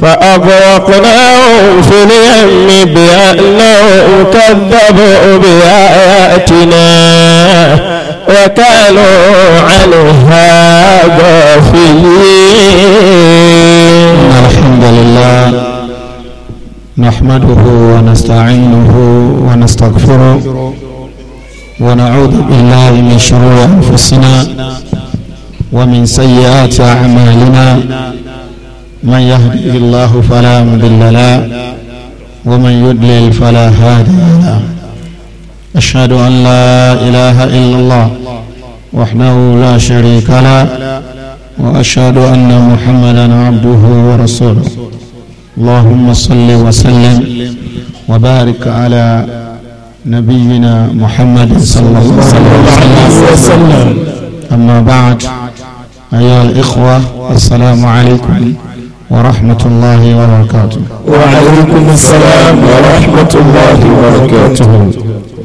فأغرقناهم في اليم بأنهم كذبوا بآياتنا وكانوا عنها غافلين الحمد لله نحمده ونستعينه ونستغفره ونعوذ بالله من شرور أنفسنا ومن سيئات أعمالنا من يهديه الله فلا مضل له ومن يضلل فلا هادي له أشهد أن لا إله إلا الله وحده لا شريك له وأشهد أن محمدا عبده ورسوله اللهم صل وسلم وبارك على نبينا محمد صلى الله عليه وسلم أما بعد أيها الإخوة السلام عليكم ورحمة الله وبركاته وعليكم السلام ورحمة الله وبركاته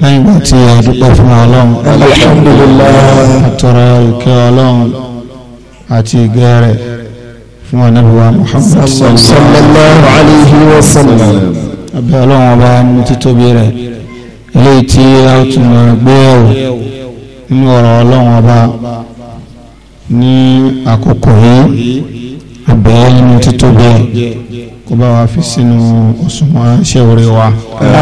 lẹ́yìn ìgbà tí a dúpẹ́ fún ọlọ́run alhamdulillah àtọrọ ìkẹ́ ọlọ́run àti ìgẹ́ rẹ̀ fún ọ̀nàbíwá muhammad sallallahu alayhi wa sallam abẹ́ ọlọ́run ọba ní títóbi rẹ̀ eléyìí tí a tún gbé ẹ̀wò nínú ọ̀rọ̀ ọlọ́run ọba ní àkókò yìí abẹ́yẹ inú títóbi kó bá wa fi sínú òṣùwọ̀n iṣẹ́ orí wa.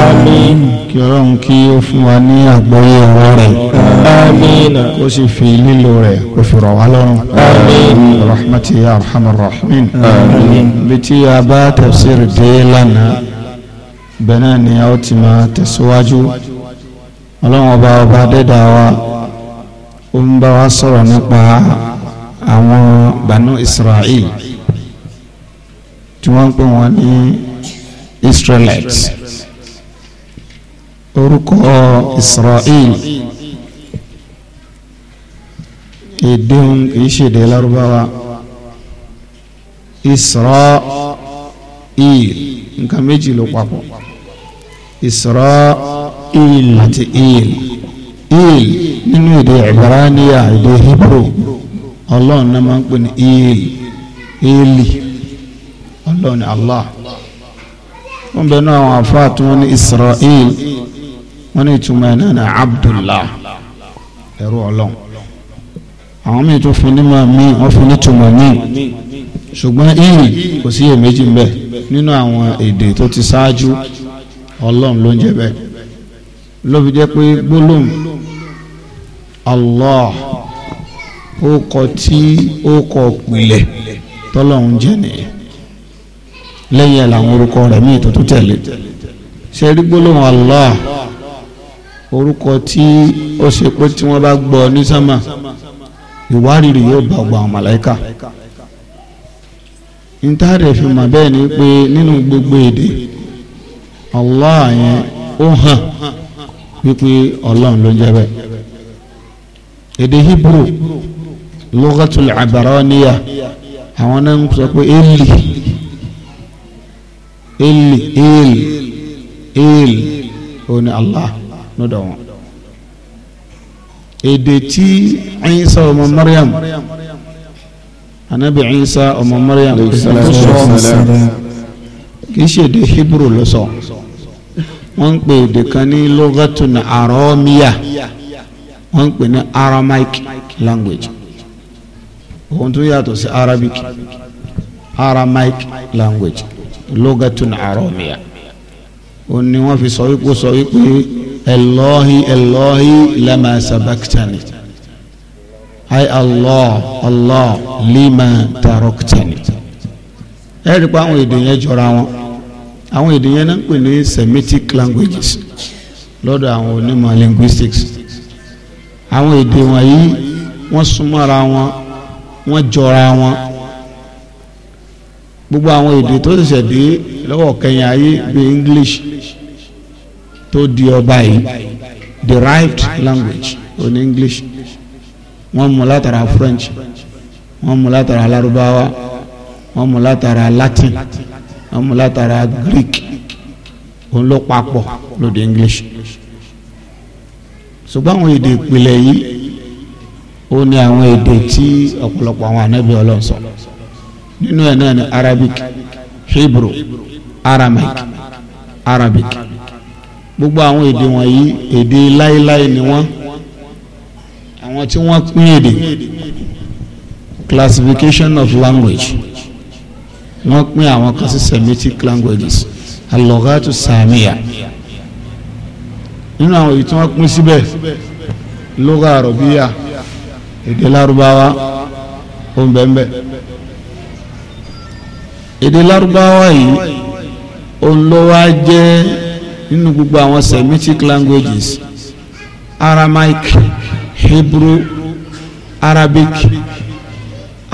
àmín. kí ọlọ́run kí ó fún wa ní àgbọ́yé ọ̀rọ̀ rẹ̀. kó sì fi lílo rẹ̀ kó fi rọ̀ wá lọ́rùn. àmín. rahmati ya arhamar rahimin. àmín. bí tí a bá tafsir dé lánàá bẹ́ẹ̀ náà ni a ó ti máa tẹ̀síwájú. ọlọ́run ọba ọba dẹ́dà wa ó ń bá wa sọ̀rọ̀ nípa àwọn banu israel tí wọ́n ń pè ní Israelites orúkọ Israel èdè òun kì í ṣèdè lárúbáwá Israel nǹkan méjì ló papọ̀ Israel àti il il nínú èdè Ìbáráníyà èdè Hebrew ọlọ́run náà máa ń pè ní il eli ọlọ́ni allah wọ́n bẹ náà àwọn afá tí wọ́n ní israel wọ́n ní ìtumọ̀ ẹ̀ náà ní abdullah ẹ̀rú ọlọ́run àwọn míì tó fún ní máa míì wọ́n fún ní ìtumọ̀ míì ṣùgbọ́n iyì kò sí iyèméjì ń bẹ nínú àwọn èdè tó ti ṣáájú ọlọ́run ló ń jẹ́ bẹ́ẹ̀ ló fi jẹ́ pé gbólóhùn allah ó kọ tí ó kọ pilẹ̀ tọ́lọ́run jẹ́ nìyẹn lẹ́yìn làwọn orúkọ rẹ̀ míì tó tún tẹ̀lé ṣe rí gbólóhùn Allah orúkọ tí ó ṣe pé tí wọ́n bá gbọ́ ní sámà ìwárìrì yóò bá gbọ́ àwọn màláìka ntaade fi mà bẹ́ẹ̀ ni pé nínú gbogbo èdè Allah yẹn ó hàn wípé ọlọ́run ló ń jẹ́ bẹ́ẹ̀ èdè Hebrew lughatul abaraniya àwọn náà ń sọ pé eli il il il òun ni allah ló dọ̀ wọn. èdè tí Isa ọmọ Maryam anabi Isa ọmọ Maryam ló sọ kì í ṣe èdè hebrew ló sọ wọ́n ń pè èdè kan ní lughatun aramiya wọ́n ń pè ní aramaic language ohun tó yàtọ̀ sí arabic aramaic language lógatun arọ́bíà ó ní wọ́n fi sọ wípé sọ wípé ẹlọ́hí ẹlọ́hí lama sabaktani ay allah allah lima taroktani ẹ rí i pé àwọn èdè yẹn jọra wọn àwọn èdè yẹn náà ń pè ní semitic languages lọ́dọ̀ àwọn onímọ̀ linguistics àwọn èdè wọ̀nyí wọ́n súnmọ́ra wọn wọ́n jọra wọn gbogbo àwọn èdè tó ṣẹ̀ṣẹ̀ dé lọ́wọ́ kẹyìn ayé bíi English tó di ọba yìí derived language oní English wọ́n mú látara French wọ́n mú látara Lárúbáwá wọ́n mú látara Latin wọ́n mú látara Greek òun ló papọ̀ lóde English ṣùgbọ́n àwọn èdè ìpìlẹ̀ yìí ó ní àwọn èdè tí ọ̀pọ̀lọpọ̀ àwọn ànábì Ọlọ́run nínú ẹ̀ náà ni arabic hebrew aramaic arabic gbogbo àwọn èdè wọ̀nyí èdè láéláé ni wọ́n àwọn tí wọ́n pín èdè classification of language wọ́n pín àwọn kan sí semitic languages alọ́gàtú sàmìyà nínú àwọn èyí tí wọ́n pín síbẹ̀ lóga àròbíyà èdè lárúbáwá ó ń bẹ́ẹ̀ bẹ́ẹ̀ èdè lárúbáwá yìí òun ló wá jẹ́ nínú gbogbo àwọn semitic languages aramaic hebrew arabic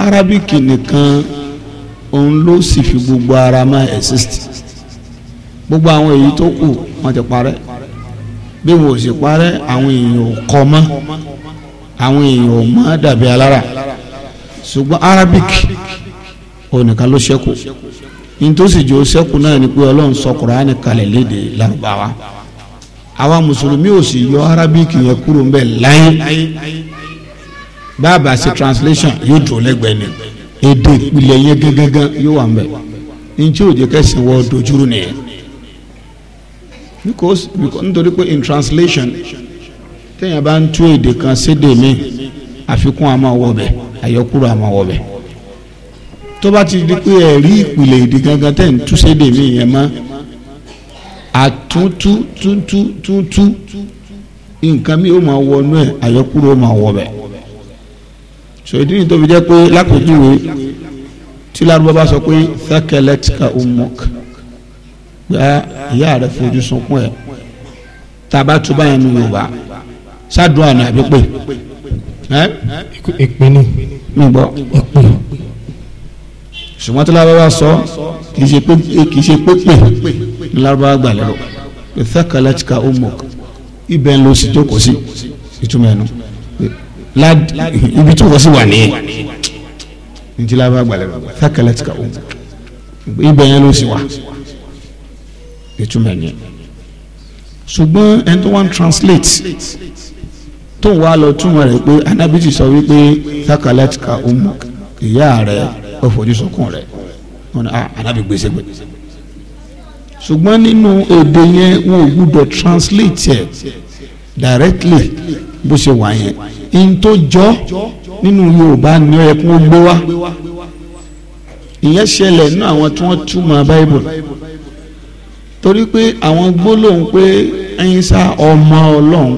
arabic nìkan òun ló sì fi gbogbo ara máa exist gbogbo àwọn èyí tó kù wọ́n ti parẹ́ bí wọn ò sì parẹ́ àwọn èèyàn ò kọ́ mọ́ àwọn èèyàn ò mọ̀ dàbí alára ṣùgbọ́n arabic. arabic onìkan ló ṣẹ́kù nítòsí jò ṣẹ́kù náà ni pé ọlọ́run sọ kùránì kalẹ̀ léde lárúbáwá àwa mùsùlùmí ò sì yọ arábíkì yẹn kúrò ń bẹ̀ láyé bàbá sí translation yóò dúró lẹ́gbẹ̀ẹ́ ni èdè ìpìlẹ̀ yẹn gángan yóò wà ń bẹ̀ njẹ́ òjò kẹsàn-án wọ dojúrú nìyẹn because because nítorí pé in translation téèyàn bá ń tú èdè kan sédè míì àfikún àmọ́ wọ̀bẹ̀ àyọkúrò àmọ́ wọ̀bẹ̀ tó bá ti di pé ẹ̀rí ìpìlẹ̀ èdè gangan tẹ̀ ń tú sédè mí yẹn mọ́ àtúntú túntú túntú nǹkan mi ò máa wọnú ẹ̀ àyọkúrò máa wọ bẹ̀. sọ ìdí nìyí tó fi jẹ́ pé lákòójúwe tí lárúbá bá sọ pé thakeletka umok gba ah, ìyá rẹ̀ fojú sunkún ẹ̀ tàbá tó bá yẹn nu yorùbá sádùn àná àbí pé. ìpinnu mi gbọ́ ìpinnu ṣùgbọ́n tí lárúbáwá sọ kì í ṣe pépè ní lárúbáwá gbà lérò pé thakalatika umok ibẹ̀ ń lo sí tó kọ sí ìtumọ̀ ẹnu ibi tó kọ sí wà nìyẹn ní tí lárúbáwá gbà lérò thakalatika umok ibẹ̀ yẹn ló sì wà ìtumọ̀ ẹ̀yẹn ṣùgbọ́n ẹni tó wá ń translate tó wà lọ túmọ̀ rẹ̀ pé anábìtì sọ wípé thakalatika umok ìyá rẹ̀ ó fojú sunkún rẹ̀ wọn ni anábì ah, gbèsè gbè ṣùgbọ́n nínú èdè yẹn wọn ò gbúdọ̀ translate ẹ̀ directly bó ṣe wà yẹn in tó jọ nínú Yorùbá ni ó yẹ kó gbé wá ìyẹn ṣẹlẹ̀ nínú àwọn tí wọ́n túmọ̀ Bible torí pé àwọn gbólóhùn pé ẹ̀yin sá ọmọ Ọlọ́run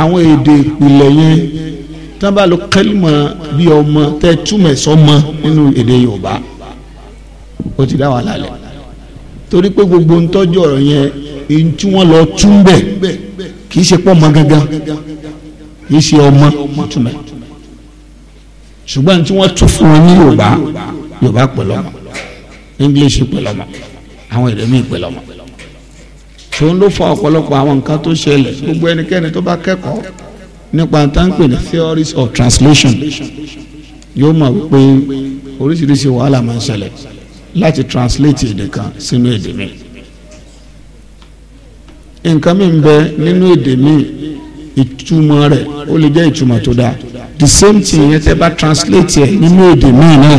àwọn èdè ìpìlẹ̀ yẹn tán bá lo kẹlímọ bí ọmọ tẹ túmọ̀ sọmọ nínú èdè yorùbá ó ti dá wà lálẹ́ torí pé gbogbo ntọ́jú ọ̀rọ̀ yẹn èyí tí wọ́n lọ tún bẹ̀ kì í ṣe pọ́ ọmọ gangan kì í ṣe ọmọ túmọ̀ ṣùgbọ́n tí wọ́n tún fún wọn ní yorùbá yorùbá pẹ̀lú ọmọ english pẹ̀lú ọmọ àwọn èdè míì pẹ̀lú ọmọ tòun ló fa ọ̀pọ̀lọpọ̀ àwọn nǹkan tó ṣẹlẹ̀ gbogbo ẹnikẹ́ni tó bá kẹ́kọ̀ọ́ nípa táǹpẹ̀ ní theories of translation yóò mọ̀ wípé oríṣiríṣi wàhálà máa ń ṣẹlẹ̀ láti translate èdè kan sínú èdè mi nǹkan mi ń bẹ nínú èdè mi ìtumọ̀ rẹ̀ ó lè jẹ́ ìtumọ̀ tó dáa the same thing yẹn tẹ́ bá translate ẹ̀ nínú èdè mi náà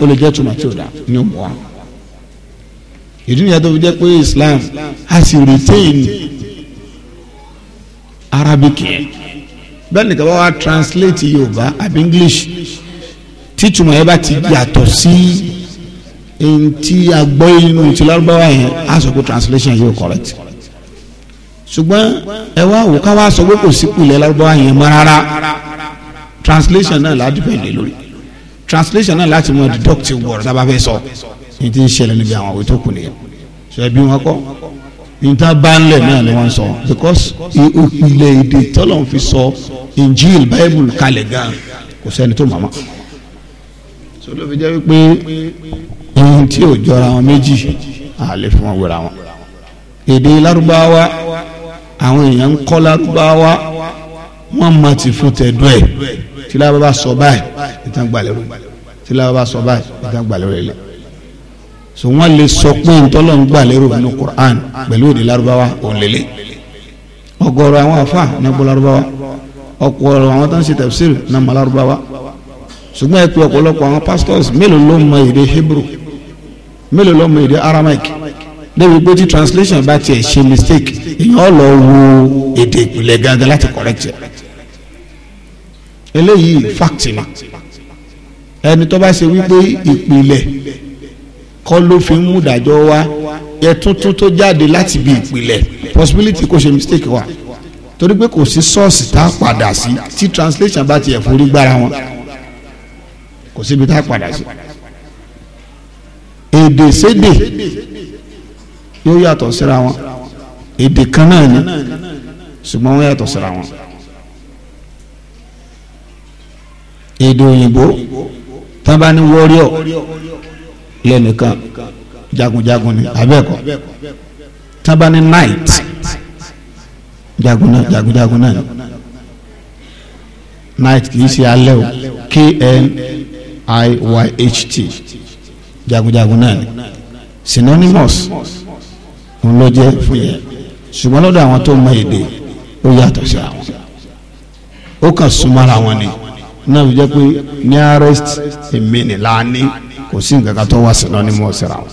ó lè jẹ́ ìtumọ̀ tó dáa ní òmùwà ìdí nìyẹn tó fi jẹ́ pé Islam has retained Arabic yẹn bẹ́ẹ̀ nìkan bá wá translate yorùbá àbí english títúmọ̀ yẹn bá ti yàtọ̀ sí ntí agbọ́ inú ti lárúbáwá yẹn á sọ pé translation yóò correct ṣùgbọ́n ẹ wá wò ká wá sọ pé kò sípò ilẹ̀ lárúbáwá yẹn mọ́ rárá translation náà láti bẹ̀rẹ̀ lórí translation náà láti mọ deductive word tá a bá fẹ́ sọ ní ti ń ṣẹlẹ̀ níbi àwọn òwe kù nìyẹn ṣe bí wọn kọ́ níta bá ń lẹ̀ náà ni wọ́n sọ because ìpìlẹ̀ èdè tọ́lọ̀ ń fi sọ Injil Bible kalẹ̀ gan kò sẹ́ni tó màmá so ló fi jẹ́ wípé ohun tí ò jọra wọn méjì a lè fi wọn wéra wọn èdè lárúbáwá àwọn èèyàn ń kọ́ lárúbáwá wọ́n mọ̀ ti fún tẹ̀dọ́ ẹ̀ tí lábàbá sọ báyìí ìtàn gbàlẹ́rù tí lábàbá sọ báyìí ìtàn gbàlẹ́rù ẹ̀ lẹ́yìn so wọ́n lè sọ pé ntọ́lọ́n gbà lérò nínú Qur'an pẹ̀lú èdè Lárúbáwá òǹlẹ̀lẹ̀ ọ̀gọ̀rọ̀ àwọn afa nàgbọ́ Lárúbáwá ọ̀pọ̀lọpọ̀ àwọn tó ń ṣe tafsir nàmọ́ Lárúbáwá ṣùgbọ́n ẹ ọ̀pọ̀lọpọ̀ àwọn pastors mélòó ló mọ èdè Hebrew mélòó ló mọ èdè Aramaic débi pé tí translation bá tiẹ̀ ṣe mistake èèyàn lọ wo èdè ìpìlẹ̀ gangan láti correct ẹ̀ eléyìí fact ni ẹni tó bá ṣe wípé ìpìlẹ̀ kọ́ ló fi ń mú ìdájọ́ wá yẹ tuntun tó jáde láti bí ìpìlẹ̀ possibility kò ṣe mistake wa torí pé kò sí sọ́ọ̀sì tá a padà sí tí translation bá tiẹ̀ forí gbára wọn kò síbi tá a padà sí èdè sédè yóò yàtọ̀ síra wọn èdè kan náà ni ṣùgbọ́n wọ́n yàtọ̀ síra wọn èdè òyìnbó tábà ní warrior lẹ́nìkan jagunjagun ni abẹ́ẹ̀kọ́ tábà ní night jagun náà jagunjagun náà night kì í ṣe alẹ́ o k-n-i-y-h-t jagunjagun náà ni synonymous òun ló jẹ́ fún yẹn ṣùgbọ́n lọ́dọ̀ àwọn tó mọ èdè ó yàtọ̀ sí àwọn ó kàn súnmọ́ra wọn ni náà fi jẹ́ pé nearest èmi nìlá kò sí nǹkan kan tó wà synonymous síra wọn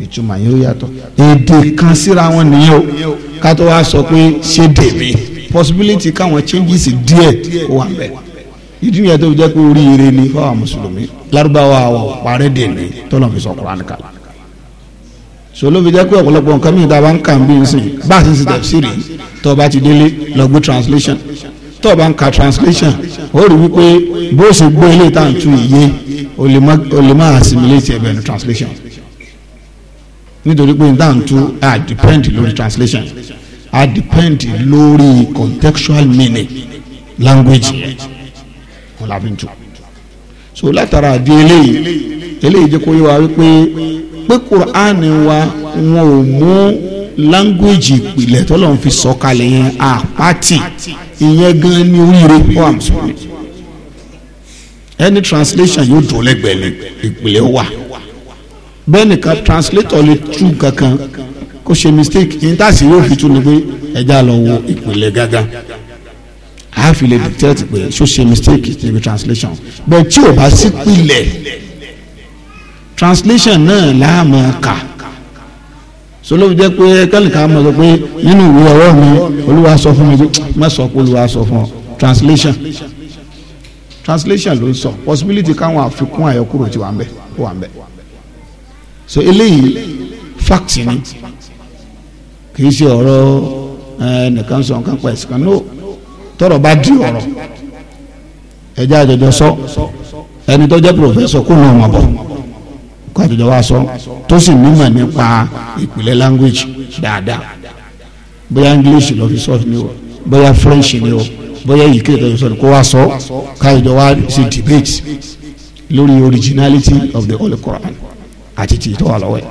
ìtumọ̀ yẹn ó yàtọ̀ èdè kan síra wọn nìyẹn o ká tó wá sọ pé ṣé dèmí possibility káwọn changes díẹ̀ ó wà bẹ́ẹ̀ ìdí nìyẹn tó jẹ́ pé oríire ni fáwọn mùsùlùmí lárúbáwá wa parẹ́ dèmí tó lọ́n fi sọ Kùránì kalẹ̀ solo fi jẹ́ pé ọ̀pọ̀lọpọ̀ nǹkan mi ta bá ń kà ń bí n sìn bá a sì ń sìn tẹ̀síìrì tó o bá ti délé lọ translation tó o bá ń ka translation ó rí wípé bó o ṣe gbọ́ ilé ìtàn tún ìyé o lè má o lè má assimilate ẹ̀ bẹ̀rù translation nítorí pé n dáhùn tó a depend lórí translation a depend lórí contextual meaning language wọn làbí so látara àdé eléyìí eléyìí jẹ́ kó yé wa wípé pé Qur'an wa wọn ò mú language ìpìlẹ̀ tọ́lọ́run fi sọ̀kalẹ̀ yẹn àpáàtì ìyẹn gan ni oríire ó àmì sọ̀rọ̀ any translation yóò dùn lẹ́gbẹ̀ẹ́ ni ìpìlẹ̀ wà bẹ́ẹ̀ nìkan translator lè tú kankan kó ṣe mistake ní táàsì yóò fi tú ni pé ẹja lọ wo ìpìlẹ̀ gángan a fi lè dictate pé ṣó ṣe mistake níbi translation bẹ́ẹ̀ tí o bá sí pilẹ̀ translation náà láàmú kà sọlọ́ jẹ́ pé kẹ́lìkà mọ̀ sọ pé nínú ìwé ọ̀rọ̀ mi olúwa sọ fún mi má sọ pé olúwa sọ fún ọ translation. translation translation ló ń sọ possibility káwọn àfikún àyọkúrò ti wà ń bẹ ó wà ń bẹ so eléyìí fact ni kì í ṣe ọ̀rọ̀ ẹnìkan sọ nǹkan pa ẹ̀sìn kan no tọrọ bá di ọ̀rọ̀ ẹjẹ́ àjọjọ sọ ẹni tó jẹ́ professor kó náà wọn bọ̀ kó àjọjọ wa sọ tó sì nímọ̀ nípa ìpìlẹ̀ language dáadáa bóyá english ló fi sọ ni o bóyá french ni o bóyá èyí kéde tó sọ kó wá sọ káyọ̀ jọ wá ṣe debate lórí originality of the holy Quran àti ti ìtọ́wà lọ́wọ́ ẹ̀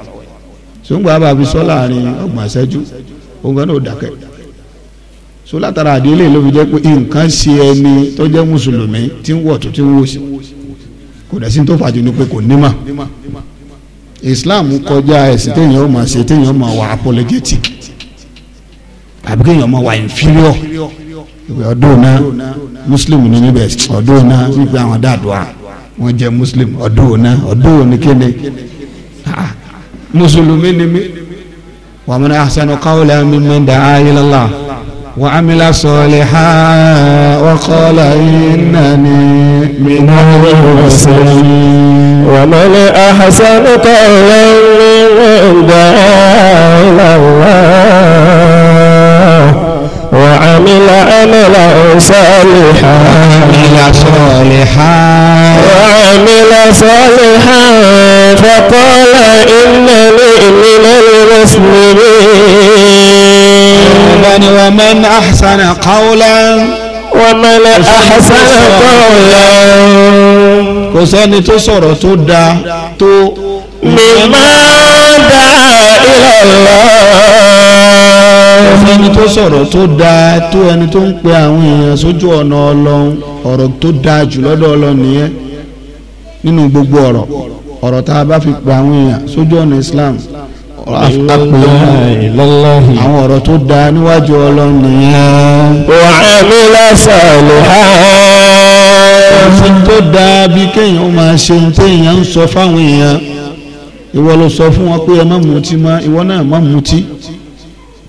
sóńgbà bá fi sọ láàrin ọgbọ̀n àṣẹjú òun kan náà dákẹ́ so látara àdéhùn ló fi jẹ́ pé nǹkan ṣe ẹni tó jẹ́ mùsùlùmí tí ń wọ̀ tó ti ń wò sí kò dẹ̀ sí tó fàájú ni pé kò nímà Islam kọjá ẹ̀sìn téèyàn ó ṣe téèyàn ó wà apologetic àbí kéèyàn ó wà inferior. inferior ọdún náà mùsùlùmí ni níbẹ̀ ọdún náà nígbà àwọn dáàdùá wọn jẹ mùsùlùmí ọdún náà ọdún ní kéde ah, mùsùlùmí ni mí. wa man ahsanu qawlan mimman da'a ila Allah wa amila salihan wa qala innani minal muslimin. wa man ahsanu qawlan mimman da'a ila Allah. وعمل عملا صالحا وعمل صالحا وعمل صالحا فقال إنني من المسلمين ومن أحسن قولا ومن أحسن قولا كسنت سورة tó sọ̀rọ̀ tó دعا الى الله ẹ̀fọ́ ẹni tó sọ̀rọ̀ tó dáa tó ẹni tó ń pe àwọn èèyàn sójú ọ̀nà ọlọ́run ọ̀rọ̀ tó dáa jù lọ́dọ̀ ọlọ́run nìyẹn nínú gbogbo ọ̀rọ̀ ọ̀rọ̀ tá a bá fi pe àwọn èèyàn sójú ọ̀nà Islam àwọn ọ̀rọ̀ tó dáa níwájú ọlọ́run nìyẹn. ha tó dáa bí kéèyàn máa ṣe ohun téèyàn ń sọ fáwọn èèyàn ìwọ ló sọ fún wọn pé ẹ má mutí ìwọ náà má mutí.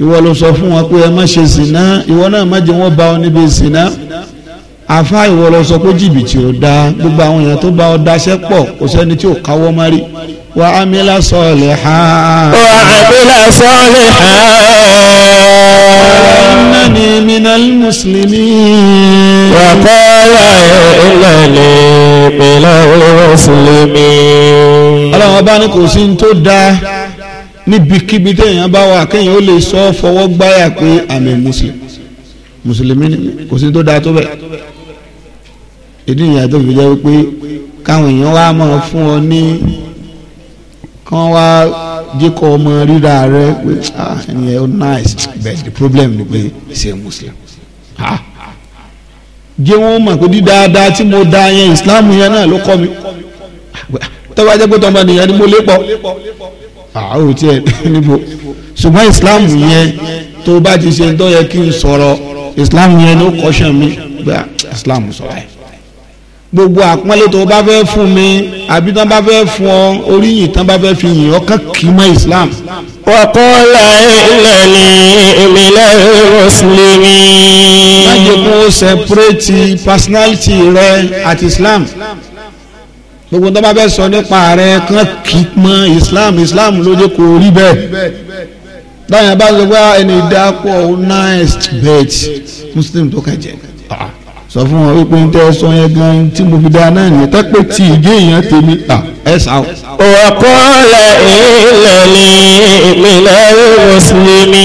ìwọ ló sọ fún wọn pé ẹ má ṣe sìná ìwọ náà má jẹ wọn bá ọ níbi sìná àfa ìwọ ló sọ pé jìbìtì ò dáa gbogbo àwọn èèyàn tó bá ọ daṣẹ́ pọ̀ kò sẹ́ni tí ò káwọ́ má rí wa amila solihan. wa amila solihan. innani minal muslimin. wa qala innani minal muslimin. ọlọ́run ọba ni kò sí ní tó dáa níbikíbi téèyàn bá wà kéèyàn ó lè sọ fọwọ́ gbáyà pé àmì mùsùlùmí kò sí tó dáa tó bẹ́ẹ̀ ìdí ìyá tó fi jẹ́ pé káwọn èèyàn wá máa fún ọ ní kán wá jíkọ ọmọ rírà rẹ pé ah ẹni ẹ ó nice but the problem ni pé ṣe muslim ah jẹ́ wọ́n mọ̀ pé dídáadáa tí mo da yẹn islam yẹn náà ló kọ́ mi tọ́wọ́ ajẹ́ pé tọmọ nìyẹn ni mo lépọ̀ àwọn ah, òtí ẹ̀ níbo ṣùgbọ́n islam yẹn tó bá ti ṣe tó yẹ kí n sọ̀rọ̀ islam yẹn ló kọ́ṣẹ́ mi gba islam sọ̀rọ̀ ẹ̀ gbogbo àpọ́nlé tó bá fẹ́ fún mi àbí tán bá fẹ́ fún ọ oríyìn tán bá fẹ́ fi yìn ọ́ kàn kì í mọ́ islam. wàkọ́lá ilẹ̀ ni ìmìlẹ̀ mùsùlùmí. má jẹ́ kó o separate personality rẹ àti islam. islam gbogbo tó bá fẹ́ sọ nípa rẹ kàn kì í mọ islam islam ló jẹ́ kó rí bẹ́ẹ̀ dáhùn abá sọ pé ah, ẹni ìdápọ̀ honest bet muslim tó kẹjẹ ah, sọ fún wọn wípé ń tẹ sọ yẹn gan tí mo fi dáa náà nìyẹn tẹ́pẹ́ tí ìgé èèyàn tèmi à ah, ẹ sá o. ọ̀kọ́lẹ̀ ìlẹ̀ ní ìpínlẹ̀ mùsùlùmí.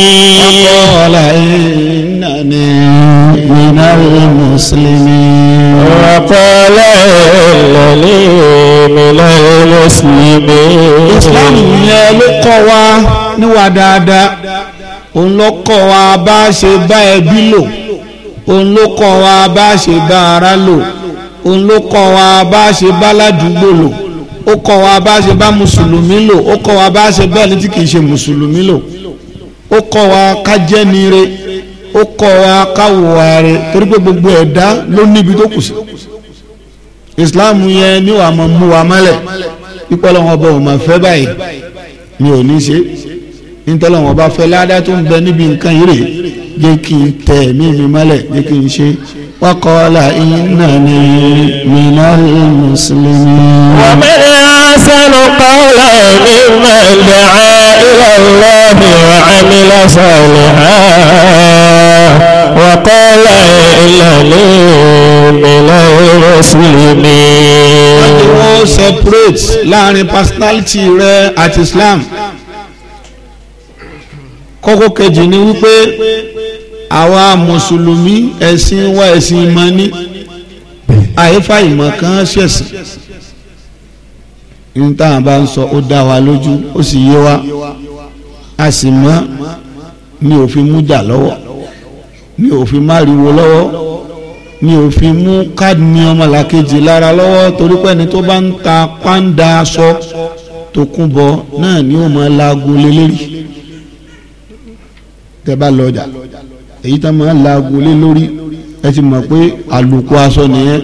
ọ̀kọ́lẹ̀ ìlẹ̀. السنن من المسلمين وقال لي من المسلمين Islam yẹn ló kọ́ wa níwà dáadáa òun ló kọ́ wa bá a ṣe bá ẹbí lò òun ló kọ́ wa bá a ṣe bá ara lò òun ló kọ́ wa bá a ṣe bá ládùúgbò lò ó kọ́ wa bá ṣe bá mùsùlùmí lò ó kọ́ wa bá ṣe bá ẹni tí kì ṣe mùsùlùmí lò ó kọ́ wa ká jẹ́ nire ó kọ́ wa káwò ààrẹ torí pé gbogbo ẹ̀dá ló níbi tó kù sí islam yẹn ni wàá mọ mú wa mọ́lẹ̀ ipò ọlọ́wọ́n ọba ò mà fẹ́ báyìí mi ò ní ṣe ntọ́lọ́wọ́n ọba fẹ́ ládàá tó ń bẹ níbi nǹkan yìí rè jẹ́ kí n tẹ̀ mí mi mọ́lẹ̀ jẹ́ kí n ṣe é. وقال إنني من المسلمين ومن أحسن قولا ممن دعا إلى الله وعمل صالحا وقال إنني من المسلمين wọ́n ti wọ́n separate láàrin personality rẹ̀ àti Islam àwa mùsùlùmí ẹ̀sìn wa ẹ̀sìn ìmọ̀ ni àyífà ìmọ̀ kan ṣẹ̀sìn ní táwọn bá ń sọ ó dá wa lójú ó sì yé wa a sì mọ̀ mi ò fi mú jà lọ́wọ́ mi ò fi má riwo lọ́wọ́ mi ò fi mú káàdì ní ọmọlàkejì lára lọ́wọ́ torí pé ẹni tó bá ń ta pàǹdà aṣọ tó kún bọ náà ni ó máa laago lélẹ́rìí tẹ́ bá lọ ọjà èyí tá máa ń la agolé lórí ẹ ti mọ̀ pé àlùkò aṣọ nìyẹn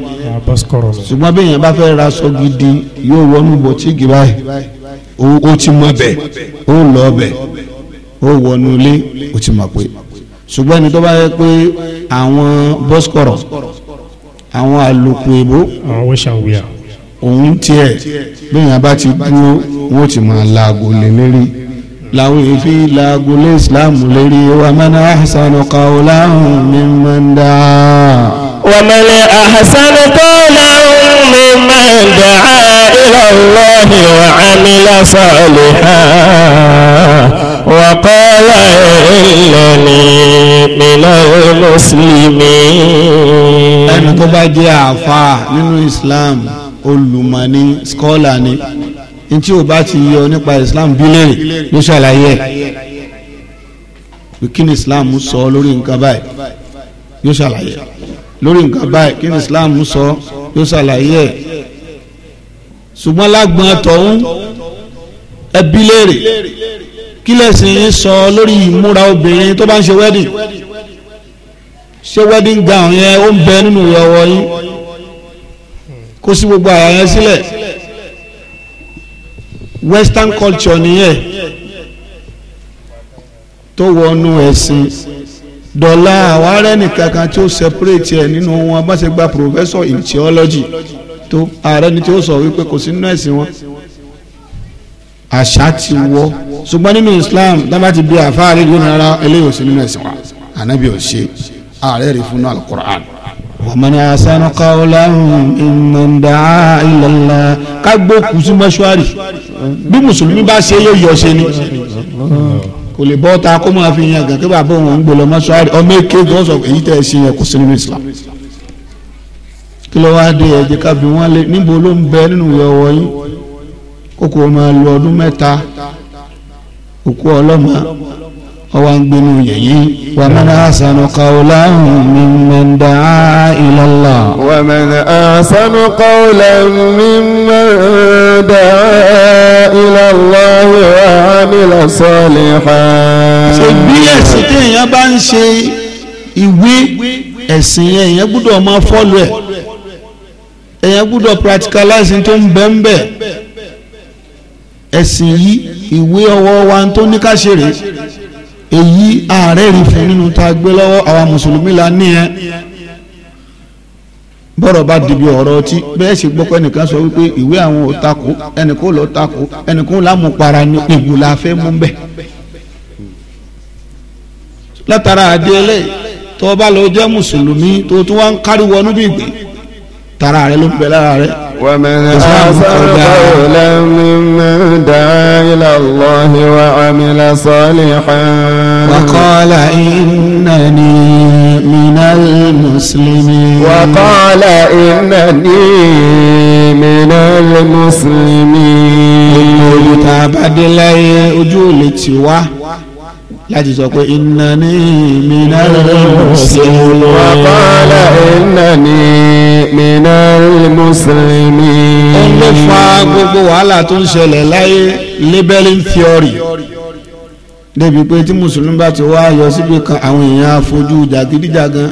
ṣùgbọ́n bí èèyàn bá fẹ́ ra aṣọ gidi yóò wọnú bọ̀tíìkì báyìí ó ti mọ̀ bẹ̀ ó lọ bẹ̀ ó wọnú ilé ó ti mọ̀ pé ṣùgbọ́n ẹni tó bá yẹ pé àwọn bọ́sikọ̀rọ̀ àwọn àlùkò èbó òun tiẹ̀ bí èèyàn bá ti dúró wọn ti máa la agolé lérí làwọn èéfín làgùnlé islam lérí wa man ahsanu qawlan mimman da'a. wa man ahsanu qawlan mimman da'a ila Allahi wa 'amila salihan wa qala innani minal muslimin. ẹni tó bá jẹ́ àáfàá nínú islam olùmọ̀ ni skọ́là ni ntí o bá ti yọ nípa islam bílẹ̀rì ló ṣàlàyé ẹ̀ kí ni islam sọ lórí nǹkan báyìí yóò ṣàlàyé lórí nǹkan báyìí kí ni islam sọ yóò ṣàlàyé ẹ̀ ṣùgbọ́n lágbọ́n tọ̀hún ẹbí léèrè kí lẹ́sìn yín sọ lórí ìmúra obìnrin tó bá ń ṣe wedding ṣé wedding gown yẹn ó ń bẹ nínú ìyọ̀wọ̀ yín kó sí gbogbo àyà yẹn sílẹ̀. Si western culture nìyẹn tó wọnú ẹ̀sìn dọ̀là àwárẹ̀ nìkankan tí ó separate ẹ̀ nínú wọn bá ṣe professor in theology tó ààrẹ ni tí ó sọ wípé kò sí nínú ẹ̀sìn wọn àṣà ti wọ ṣùgbọ́n nínú Islam dábàá ti bí àfáà rí lónìí rárá eléyìí ò sí nínú ẹ̀sìn wa ànábì ò ṣe ààrẹ rí fún náà Al-Qur'an. ومن أحسن قولا ممن دعا إلى الله ká gbókùú sí mọ́ṣúárì bí mùsùlùmí bá ṣe yóò yọ ṣe ni kò lè bọ́ ta kó máa fi yan gàn kí bàbá òun ń gbé lọ mọ́ṣúárì ọmọ èké gọ́sọ̀ èyí tẹ̀ ṣe yẹn kò sí nínú Islam kí ló wáá dé ẹ̀jẹ̀ ká bí wọ́n lé níbo ló ń bẹ nínú lo ọdún mẹ́ta òkú ọlọ́mọ ọwọ́ ń gbénu yẹ̀yí. wa man ahsanu qawlan mimman da'a ila Allah. wa man ahsanu qawlan mimman da'a ila Allah wa 'amila salihan. ṣe bí ẹ̀sìn téèyàn bá ń ṣe ìwé ẹ̀sìn yẹn èèyàn gbọ́dọ̀ máa fọ́lù ẹ̀ èèyàn gbọ́dọ̀ practicalize tó ń bẹ́ ẹ̀sìn yìí ìwé ọwọ́ wa tó ní ká ṣe rèé èyí ààrẹ rí fún nínú tá a gbé lọ́wọ́ àwa mùsùlùmí la ní ẹ bọ́rọ̀ bá dìbì ọ̀rọ̀ ọtí bẹ́ẹ̀ sì gbọ́ pé ẹnìkan sọ wípé ìwé àwọn ò takò ẹnìkan lọ takò ẹnìkan ò lámùpara ní ìbò la fẹ́ mú bẹ́ẹ̀ látara àdéhẹ́lẹ́ tó o bá lọ jẹ́ mùsùlùmí tó tún wá ń kárí wọnú bí ìgbé tara rẹ ló ń bẹ lára rẹ ومن أحسن قولا ممن دعا إلى الله وعمل صالحا وقال إنني من المسلمين وقال إنني من المسلمين olùtàbádé láyé ojú ò lè tì wá láti sọ pé innani minal muslimin wa qala innani minal muslimin. ó ló fa gbogbo wàhálà tó ń ṣẹlẹ̀ láyé labeling theory débi pé tí mùsùlùmí bá ti wá yọ síbi kan àwọn èèyàn afojú jàgídíjàgan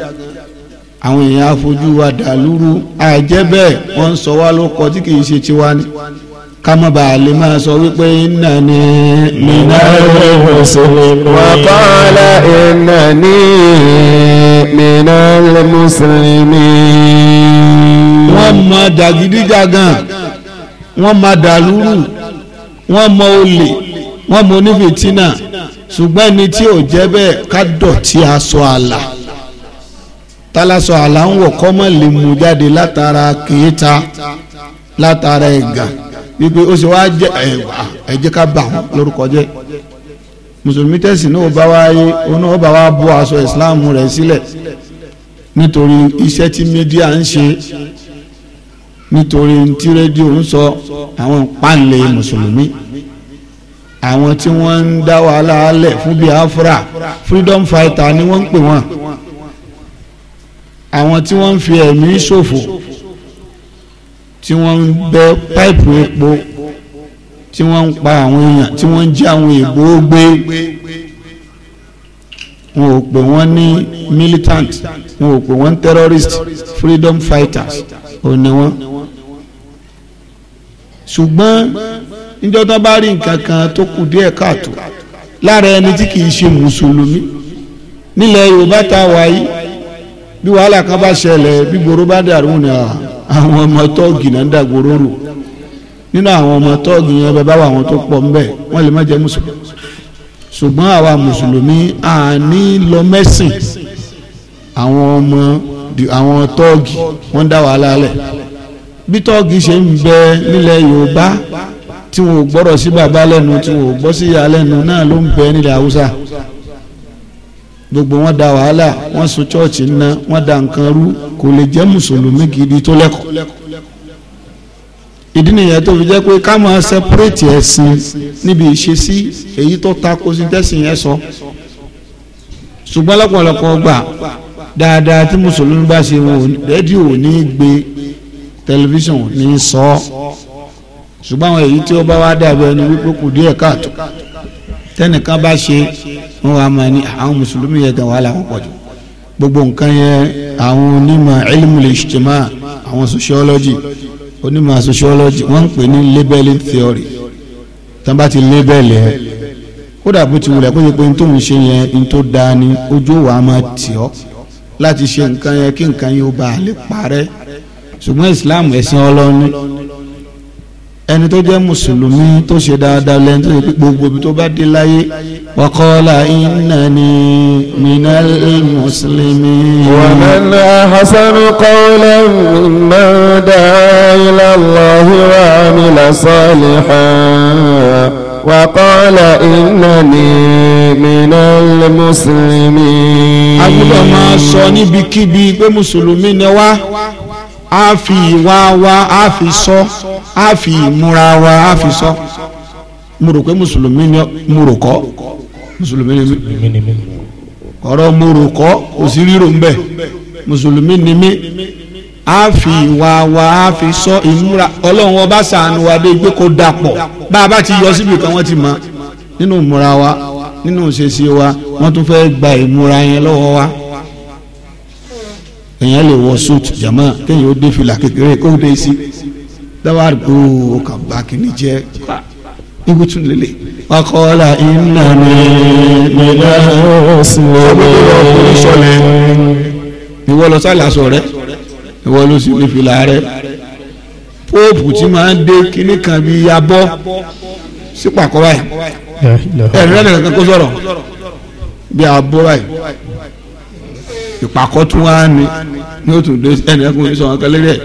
àwọn èèyàn afojú wa dàlúrú àìjẹ́ bẹ́ẹ̀ wọ́n ń sọ wá ló kọ tí kìí ṣe tiwa ni ká má bàa lè máa sọ wípé iná ni mìnàrí mùsùlùmí wà kọ́lá iná ni mìnàrí mùsùlùmí wọ́n mọ jàgídíjàgàn wọ́n mọ dàlúrù wọ́n mọ olè wọ́n mọ onífìtínà ṣùgbọ́n ẹni tí ò jẹ́ bẹ́ẹ̀ ká dọ̀tí aṣọ àlà tálásọ àlà ń wọ̀ kọ́mọ̀ lè mú jáde látara kìíta látara ẹ̀gà wípé ó ṣe wáá jẹ ẹ jẹ́ ká bà wọ́n lórúkọ jẹ́ mùsùlùmí tẹ̀sí náà bá wáyé oná ọba wa bọ́ aṣọ ìsìláàmù rẹ̀ sílẹ̀ nítorí iṣẹ́ tí mídíà ń ṣe nítorí tí rédíò ń sọ àwọn ìpàlẹ̀ mùsùlùmí àwọn tí wọ́n ń dá wàhálà alẹ̀ fún Biafra freedom fighter ni wọ́n ń pè wọ́n àwọn tí wọ́n ń fi ẹ̀mí ṣòfò tí wọ́n ń bẹ páìpù epo tí wọ́n ń pa àwọn èèyàn tí wọ́n ń jí àwọn èèbó gbé wọn ò pè wọ́n ní militant wọn ò pè wọ́n terrorist freedom fighters ó ní wọ́n ṣùgbọ́n níjọ́ tó bá rí nǹkan kan tó kù díẹ̀ káàtó lára ẹni tí kì í ṣe mùsùlùmí nílẹ̀ yorùbá tá a bí wàhálà kan bá ṣẹlẹ̀ bí gbòòrò bá dàrú ni àwọn ọmọ tọ́ọ̀gì náà ń dà gbòòrò rò nínú àwọn ọmọ tọ́ọ̀gì yẹn bẹ bá wà tó pọ̀ ńbẹ wọ́n lè má jẹ́ mùsùlùmí ṣùgbọ́n àwa mùsùlùmí à lọ mẹ́sìn àwọn ọmọ àwọn tọ́ọ̀gì wọ́n dá wàhálà lẹ̀ bí tọ́ọ̀gì ṣe ń bẹ nílẹ̀ Yorùbá tí wọn ò gbọ́rọ̀ sí bàbá lẹ́nu tí wọn ò gbọ́ sí ìyá lẹ́nu náà ló ń bẹ nílẹ̀ Haúsá gbogbo wọn da wàhálà wọn sun chọọchì ńnà wọn da nǹkan rú kò lè jẹ́ mùsùlùmí gidi tó lẹ́kọ̀ọ́ ìdí nìyẹn tó fi jẹ́ pé ká máa sẹpẹrẹtì ẹ̀sìn níbi ìṣesí èyí tó ta kó sí tẹ̀sìn yẹn sọ ṣùgbọ́n lọ́pọ̀lọpọ̀ gbà dáadáa tí mùsùlùmí bá ṣe wọn rédíò ní gbé tẹlifíṣàn ní sọ ọ ṣùgbọ́n àwọn èyí tí ó bá wá dàbí ẹni wípé kù díẹ̀ káàtó tẹnìkan bá ṣe wọn wà máa ní àwọn mùsùlùmí yẹn gan wàhálà wọn pọ̀ gbogbo nǹkan yẹn àwọn onímọ̀ ilmul ijtima àwọn sociology onímọ̀ sociology wọ́n ń pè ní labeling theory tán bá ti label ẹ̀ kódà bó ti wulẹ̀ kó ṣe pé n ṣe yẹn n tó ojú wa máa tì ọ́ láti ṣe nǹkan yẹn kí nǹkan yẹn ó bá a lè parẹ́ ṣùgbọ́n islam ẹ̀sìn ọlọ́ni ẹni tó jẹ́ mùsùlùmí tó ṣe dáadáa lẹ́yìn tó ṣe pé gbogbo ibi tó bá dé láyé wa qala innani minal muslimin. wa man ahsanu qawlan mimman da'a ila Allahi wa amila salihan. وقال إنني من المسلمين a gbọ́dọ̀ máa sọ níbikíbi pé mùsùlùmí ni wá a fi ìwà wa a fi sọ a fi ìmúra wa a fi sọ mo rò pé mùsùlùmí ni mo rò kọ́ mùsùlùmí ni mi ọ̀rọ̀ mo rò kọ́ kò sí rírò ń bẹ̀ mùsùlùmí ni mi a fi ìwà wa a fi sọ ìmúra ọlọ́run ọba sànù wa dé pé kó dàpọ̀ bá a bá ti yọ síbi kan wọ́n ti mọ̀ nínú ìmúra wa nínú ìṣesí wa wọ́n tún fẹ́ gba ìmúra yẹn lọ́wọ́ wa èèyàn lè wọ suit jama kéèyàn ó dé fìlà kékeré kó dé sí dábàá rẹ kà bá kìíní jẹ ibi tún lélẹ̀. akọ́lá iná mi mi dá ọ̀sìn lọ́wọ́ ìwọ lọ sálẹ̀ aṣọ rẹ̀ ìwọ ló sì ní fìlà rẹ póòpù tí máa ń dé kinní kan bí abọ́ sípò àkọ́wá yìí ẹ̀rí rẹ̀ nìkan kó sọ̀rọ̀ bí abọ́ báyìí ìpàkọ́ tún wá ní ní òtù ẹ̀rí rẹ̀ kò ní sọ̀rọ̀ kan lérí ẹ̀.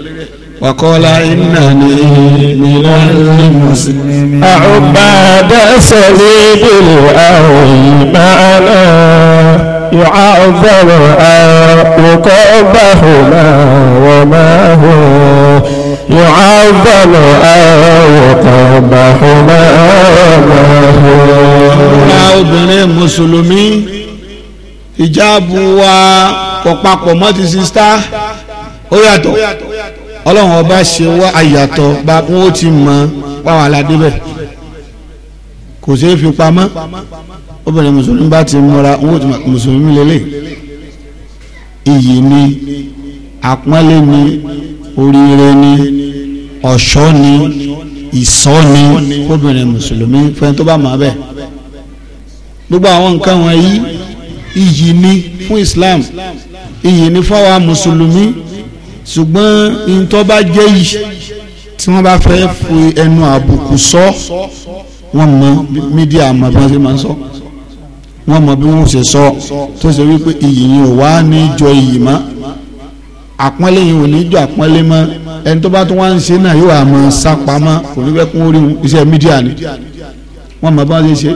وقال إنني من المسلمين أعباد سبيل الأول معنا يعذر عقبهما وما هو يعظم عقبهما وما هو ọ̀rọ̀ obìnrin mùsùlùmí ìjáàbù wa kò papọ̀ mọ́ ti sista ó yàtọ̀ ọlọ́run ọba ṣe wá àyàtọ̀ bá wọn ó ti mọ báwọn aládébẹ̀ kò ṣeé fi pamọ́ obìnrin mùsùlùmí bá ti múra wọn ò ti mùsùlùmí lélẹ̀ iyì ni àpọ́nlé ni oríire ni ọ̀ṣọ́ ni ìsọ́ ni obìnrin mùsùlùmí fẹ́ni tó bá máa bẹ̀ gbogbo àwọn nǹkan wọ̀nyí iyì ni fún Islam iyì ni fáwa mùsùlùmí ṣùgbọ́n ìtọ́ bá jẹ́ yìí tí wọ́n bá fẹ́ fi ẹnu àbùkù sọ wọ́n mọ mídíà àmọ́ bí wọ́n ṣe máa sọ. So wọ́n mọ bí wọ́n ṣe sọ tó ṣe wípé iyì yìí ò wá ní jọ iyì mọ́ àpọ́nlé yìí ò ní jọ àpọ́nlé mọ́ ẹni tó bá tún wá ń ṣe náà yóò àmọ́ sápamọ́ kò ní fẹ́ kún orí iṣẹ́ mídíà ni wọ́n mọ bí ṣe ṣe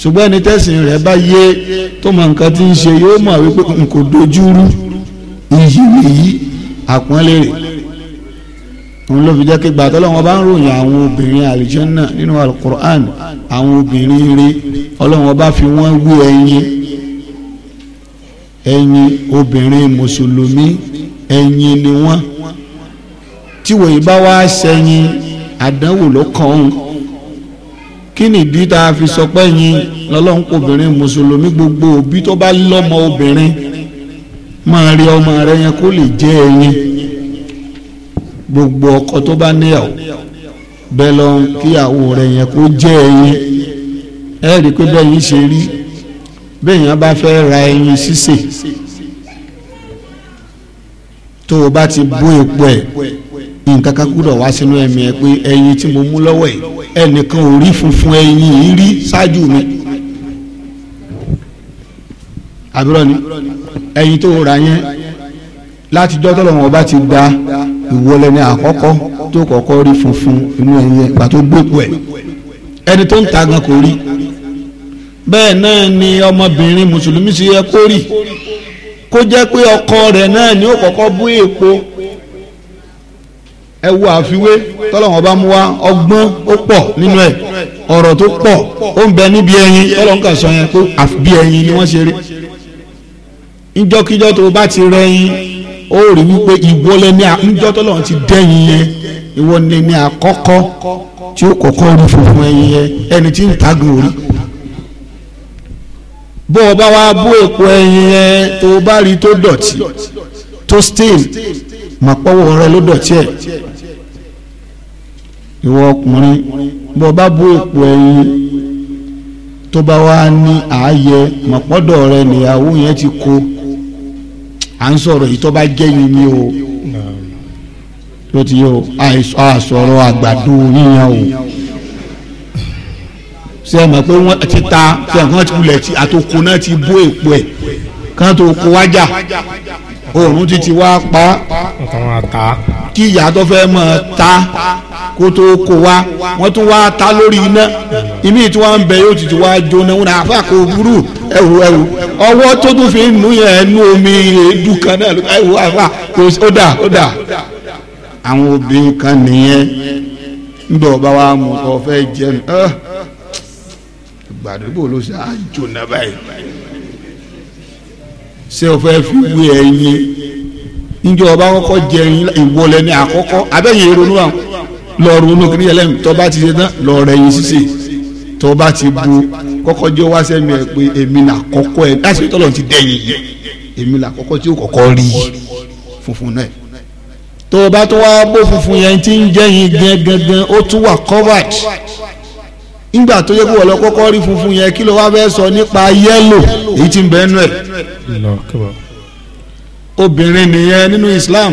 ṣùgbọ́n ẹni tẹ̀sìn rẹ̀ bá yé tó mọ nǹkan tí ń ṣe yóò mọ̀ wípé n kò dojú rú iyì nìyí àpọ́nlé rẹ̀ òun ló fi jẹ́ kí gbàtọ́ lọ́wọ́ bá ń ròyìn àwọn obìnrin àlìjọ́nà nínú alukur'an àwọn obìnrin rí ọlọ́wọ́ bá fi wọ́n wú ẹyin ẹyin obìnrin mùsùlùmí ẹyin ni wọ́n tíwèé bá wá sẹ́yìn àdánwò ló kàn án kí nìdí tá a fi sọ pé ẹyin lọ́lọ́run kó obìnrin mùsùlùmí gbogbo òbí tó bá lọ́mọ obìnrin máa rí ọmọ rẹ yẹn kó lè jẹ́ ẹyin gbogbo ọkọ tó bá níyàwó bẹ́ẹ̀ lọ kíyàwó rẹ̀ yẹn kó jẹ́ ẹyin ẹ rí i pé bẹ́ẹ̀ yín ṣe rí bẹ́ẹ̀ yẹn bá fẹ́ ra ẹyin sísè tó o bá ti bó epo ẹ̀ nǹkan kan kúrò wá sínú ẹ̀mí ẹ pé ẹyin tí mo mú lọ́wọ́ ẹ̀ ẹnìkan ò rí funfun ẹyin yìí rí ṣáájú mi àbúrò ni ẹyin tó o rà yẹn látijọ́ tọ́lọ́wọ́n ọba ti gba ìwọlẹ̀ ní àkọ́kọ́ tó kọ́kọ́ rí funfun inú ẹ̀yẹ ìgbà tó gbẹ́kù ẹ̀ ẹni tó ń ta gan kò rí bẹ́ẹ̀ náà ni ọmọbìnrin mùsùlùmí sì yẹ kó rí kó jẹ́ pé ọkọ rẹ̀ náà ni ó kọ́kọ́ bú èèpo ẹ wo àfiwé tọ́lọ́wọ́n bá mú wa ọgbọ́n ó pọ̀ nínú ẹ̀ ọ̀rọ̀ tó pọ̀ ó ń bẹ níbi ẹyin tọ́lọ́wọ́n kà sọ yẹn pé àfi bí ẹyin ni wọ́n ṣe rí níjọ́kíjọ́ tó o bá ti rẹ ẹyin ó rí wípé ìwọ lẹni àńjọ tó ti dẹ́yìn yẹn ìwọ lẹni àkọ́kọ́ tí ó rí funfun ẹyin yẹn ẹni tí ń tagun orí bó o bá wá bó èpo ẹyin yẹn tó o bá rí tó dọ̀tí tó stain mà pọ́wọ́ rẹ ló dọ̀tí ẹ̀ ìwọ ọkùnrin bó o bá bó èpo ẹyin tó bá wá ti kó. à ń sọ̀rọ̀ yìí tó bá jẹ́yìn ni o tó ti yọ àìsọ̀rọ̀ àgbàdo yíyan o ṣe é mọ̀ pé wọ́n ti ta ṣe nǹkan ti kulẹ̀ àtòkò náà ti bó èpo ẹ̀ kán tó kó wájà oòrùn ti ti wá pa kí ìyá tó fẹ́ mọ̀ ta kó tó kó wa wọ́n tún wá ta lórí iná ìmí tí wọ́n ń bẹ yóò ti ti wá jóná wọn àfa kò burú ẹwù ẹwù ọwọ́ tó tún fi nù yẹn nú omi èédú kan náà ẹwù àfa ó dà ó dà àwọn obìnrin kan nìyẹn ń bọ̀ bá wa mú ọ fẹ́ jẹun gbàdúgbò ló ṣe àjò náà báyìí ṣé o fẹ́ fi wé ẹyin níjọ́ ọba kọ́kọ́ jẹ ẹyin ìwọlẹ̀ ní àkọ́kọ́ abẹ́yìn ronú àwọn lọ́ọ̀rù inú kiri ẹlẹ́mì tọ́ba ti ṣe tán lọ́ọ̀rẹ̀ yìí ṣiṣẹ́ tọ́ba ti bu kọ́kọ́ jẹ́ wá sẹ́mi ẹ̀ pé èmi là kọ́kọ́ ẹ̀ láti ṣe tọ́lọ̀ ti dẹ́yìn yìí èmi là kọ́kọ́ tí ó kọ́kọ́ rí funfun náà tọ́ba tó wá bó funfun yẹn ti ń jẹ́yìn gẹ́gẹ́gẹ́ ó tún wà covered nígbà tó yẹ kó wọ́n lọ kọ́kọ́ rí funfun yẹn kí ló wá fẹ́ sọ nípa yẹ́lò èyí tí ń bẹ nú ẹ̀. obìnrin nìyẹn nínú Islam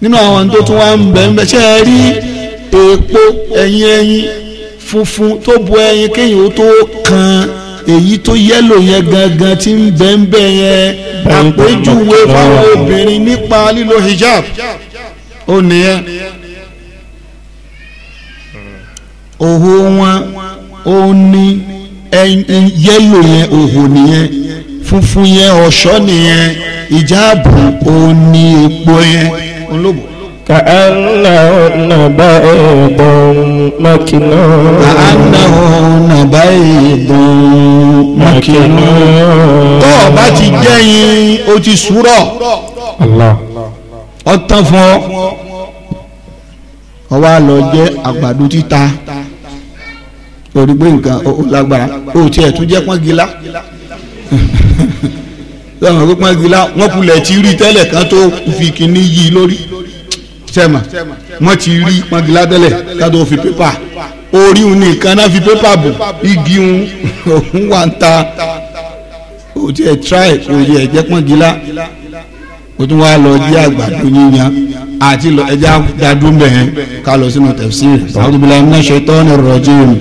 nínú àwọn tó tún wá ń bẹ ń bẹ ṣe é rí èèpo ẹyin ẹyin funfun tó bu ẹyin kéyìn ó tó kan èyí tó yẹ́lò yẹn gangan tí ń bẹ ń bẹ yẹn àpèjúwe fáwọn obìnrin nípa lílo hijab ó nìyẹn òhò wọn ó ní yẹ́lò yẹn òhò nìyẹn funfun yẹn ọ̀ṣọ́ nìyẹn ìjáàbù ó ní epo yẹn olóbò. كأنهن بيض مكنون كأنهن بيض مكنون tó o bá ti jẹ́yìn o ti sùúrọ̀ ọ̀tàn fún ọ wá lọ jẹ́ àgbàdo títa lórí pé nǹkan ó lágbára ó tiẹ̀ tún jẹ́ pọ́ngilá lọ́wọ́n pé pọ́ngilá wọ́n kulẹ̀ ti rí tẹ́lẹ̀ kan tó fi kíní yí lórí sẹ́mà wọ́n ti rí pọ́ngilá tẹ́lẹ̀ ká tó fi pépà orí òun nìkan náà fi pépà bò igi òun wà ń ta ó tiẹ̀ tíráì kò yẹ jẹ́ pọ́ngilá o tún wá lọ jẹ àgbàdo yíyan àti ẹja dàdúmbẹ ká lọ sínú tẹfsir. àwọn ọdún bíi la ń ná ṣe tọ́ ni rọ̀jìn.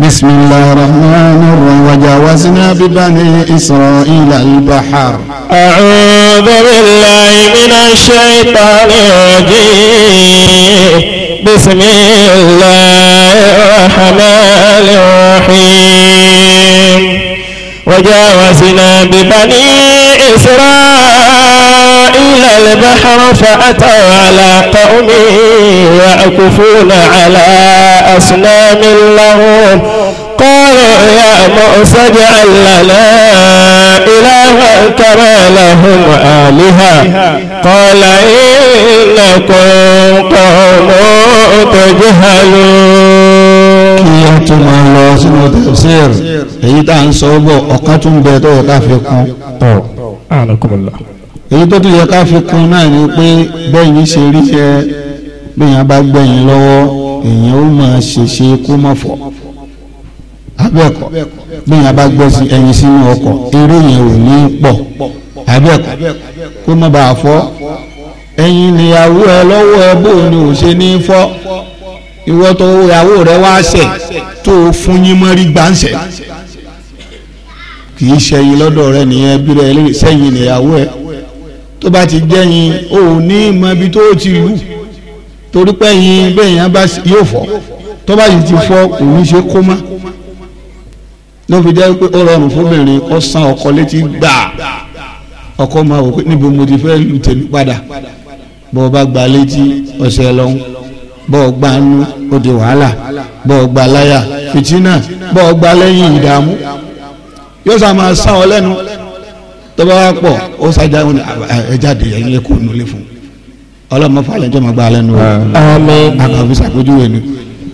بسم الله الرحمن الرحيم وجاوزنا ببني إسرائيل البحر أعوذ بالله من الشيطان الرجيم بسم الله الرحمن الرحيم وجاوزنا ببني إسرائيل البحر فأتوا على قوم يعكفون على أصنام لهم قالوا يا موسى اجعل لنا إلها كما لهم آلهة قال إنكم قوم تجهلون kí ẹ tún máa lọ sínú tẹ̀síẹ̀rì èyí tá à ń sọ èyí tó tún yẹ ká fi kún náà ni pé bẹ́yìn ṣe ríṣẹ́ bẹ́yìn bá gbẹ̀yìn lọ́wọ́ èèyàn ó máa ṣèṣe kó mọ̀ fọ́ abẹ́ẹ̀kọ́ bẹ́yìn bá gbọ́ sí ẹyin sínú ọkọ̀ eré yẹn ò ní pọ̀ abẹ́ẹ̀kọ́ kó má bàa fọ́ ẹyin níyàwó ẹ lọ́wọ́ ẹ bó ni ò ṣe ní fọ́ ìwọ tó ìyàwó rẹ wá ṣẹ̀ tó o fún yín mọ́rí gbàǹṣẹ̀ kì í ṣẹ̀yìn lọ́dọ̀ rẹ nìyẹn bí rẹ sẹ́yìn níyàwó ẹ tó bá ti jẹ́yìn o ò ní mọ ibi tó ti lù torí pé yín bẹ́ẹ̀ yẹn bá yóò fọ́ tó bá yìí ti fọ́ kò ní ṣe kó má ló fi jẹ́ pé ó rọrùn fóbìnrin kó san ọkọ létí gbà ọkọ máa wò pé níbo mo ti fẹ́ lù tèmi padà bọ́ ọ bá gba létí ọ̀sẹ̀ lọ́hún bọ́ ọ gba nú ó wàhálà bọ́ ọ gba láyà fìtínà bọ́ ọ gba lẹ́yìn ìdààmú yóò sá máa sá ọ lẹ́nu tọ́ba wa pọ̀ ó sájà ẹ jáde ẹ̀yin lè kó nulẹ̀ fún ọlọ́mọ falẹ̀ jọ́ gba alẹ́ nu àkàfi sàpèjúwe ni